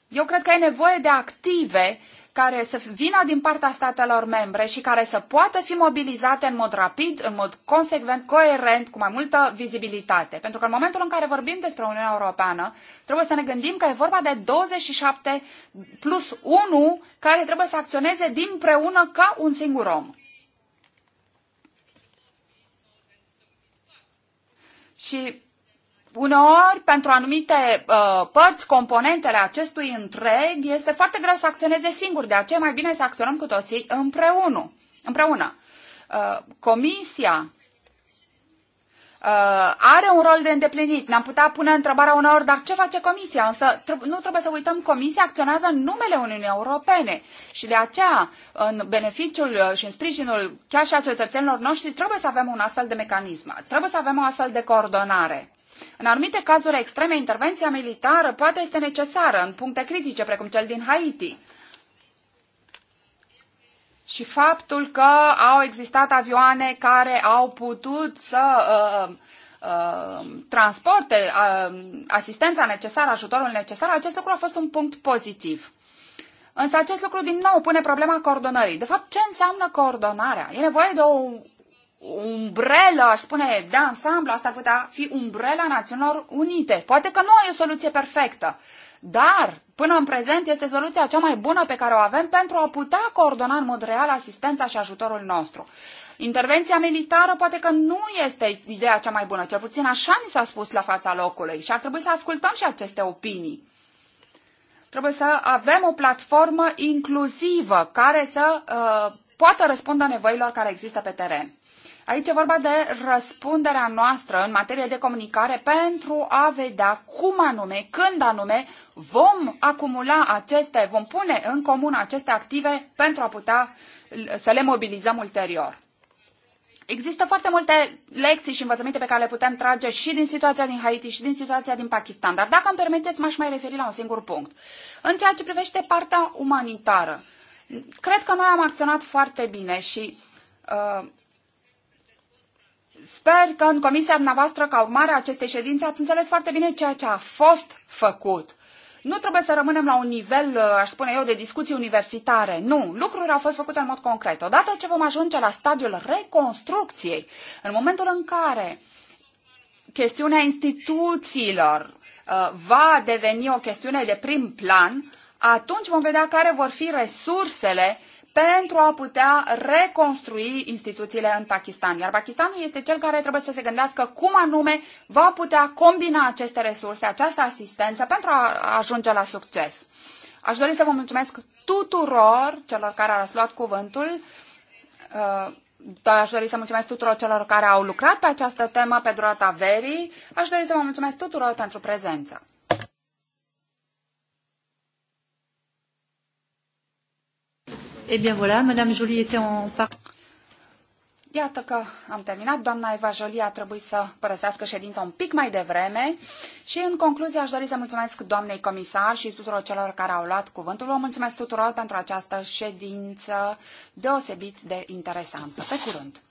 Eu cred că e nevoie de active care să vină din partea statelor membre și care să poată fi mobilizate în mod rapid, în mod consecvent, coerent, cu mai multă vizibilitate. Pentru că în momentul în care vorbim despre Uniunea Europeană, trebuie să ne gândim că e vorba de 27 plus 1 care trebuie să acționeze dinpreună ca un singur om. Și uneori, pentru anumite uh, părți, componentele acestui întreg, este foarte greu să acționeze singur. De aceea, mai bine să acționăm cu toții împreună. împreună. Uh, comisia uh, are un rol de îndeplinit. Ne-am putea pune întrebarea uneori, dar ce face Comisia? Însă nu trebuie să uităm, Comisia acționează în numele Uniunii Europene și de aceea, în beneficiul uh, și în sprijinul chiar și a cetățenilor noștri, trebuie să avem un astfel de mecanism, trebuie să avem o astfel de coordonare. În anumite cazuri extreme, intervenția militară poate este necesară în puncte critice, precum cel din Haiti. Și faptul că au existat avioane care au putut să uh, uh, transporte uh, asistența necesară, ajutorul necesar, acest lucru a fost un punct pozitiv. Însă acest lucru din nou pune problema coordonării. De fapt, ce înseamnă coordonarea? E nevoie de o umbrelă, aș spune, de ansamblu, asta ar putea fi umbrela Națiunilor Unite. Poate că nu e o soluție perfectă, dar până în prezent este soluția cea mai bună pe care o avem pentru a putea coordona în mod real asistența și ajutorul nostru. Intervenția militară poate că nu este ideea cea mai bună, cel puțin așa ni s-a spus la fața locului și ar trebui să ascultăm și aceste opinii trebuie să avem o platformă inclusivă care să uh, poată răspunde nevoilor care există pe teren. Aici e vorba de răspunderea noastră în materie de comunicare pentru a vedea cum anume, când anume vom acumula aceste, vom pune în comun aceste active pentru a putea să le mobilizăm ulterior. Există foarte multe lecții și învățăminte pe care le putem trage și din situația din Haiti și din situația din Pakistan, dar dacă îmi permiteți, m-aș mai referi la un singur punct. În ceea ce privește partea umanitară, cred că noi am acționat foarte bine și uh, Sper că în comisia noastră, ca urmare a acestei ședințe, ați înțeles foarte bine ceea ce a fost făcut. Nu trebuie să rămânem la un nivel, uh, aș spune eu, de discuții universitare. Nu, lucruri au fost făcute în mod concret. Odată ce vom ajunge la stadiul reconstrucției, în momentul în care chestiunea instituțiilor uh, va deveni o chestiune de prim plan, atunci vom vedea care vor fi resursele pentru a putea reconstrui instituțiile în Pakistan. Iar Pakistanul este cel care trebuie să se gândească cum anume va putea combina aceste resurse, această asistență pentru a ajunge la succes. Aș dori să vă mulțumesc tuturor celor care au luat cuvântul. Uh, da, aș dori să mulțumesc tuturor celor care au lucrat pe această temă pe durata verii. Aș dori să vă mulțumesc tuturor pentru prezență. Eh bien voilà, Madame Jolie était en Iată că am terminat. Doamna Eva Jolie a trebuit să părăsească ședința un pic mai devreme și în concluzie aș dori să mulțumesc doamnei comisar și tuturor celor care au luat cuvântul. Vă mulțumesc tuturor pentru această ședință deosebit de interesantă. Pe curând!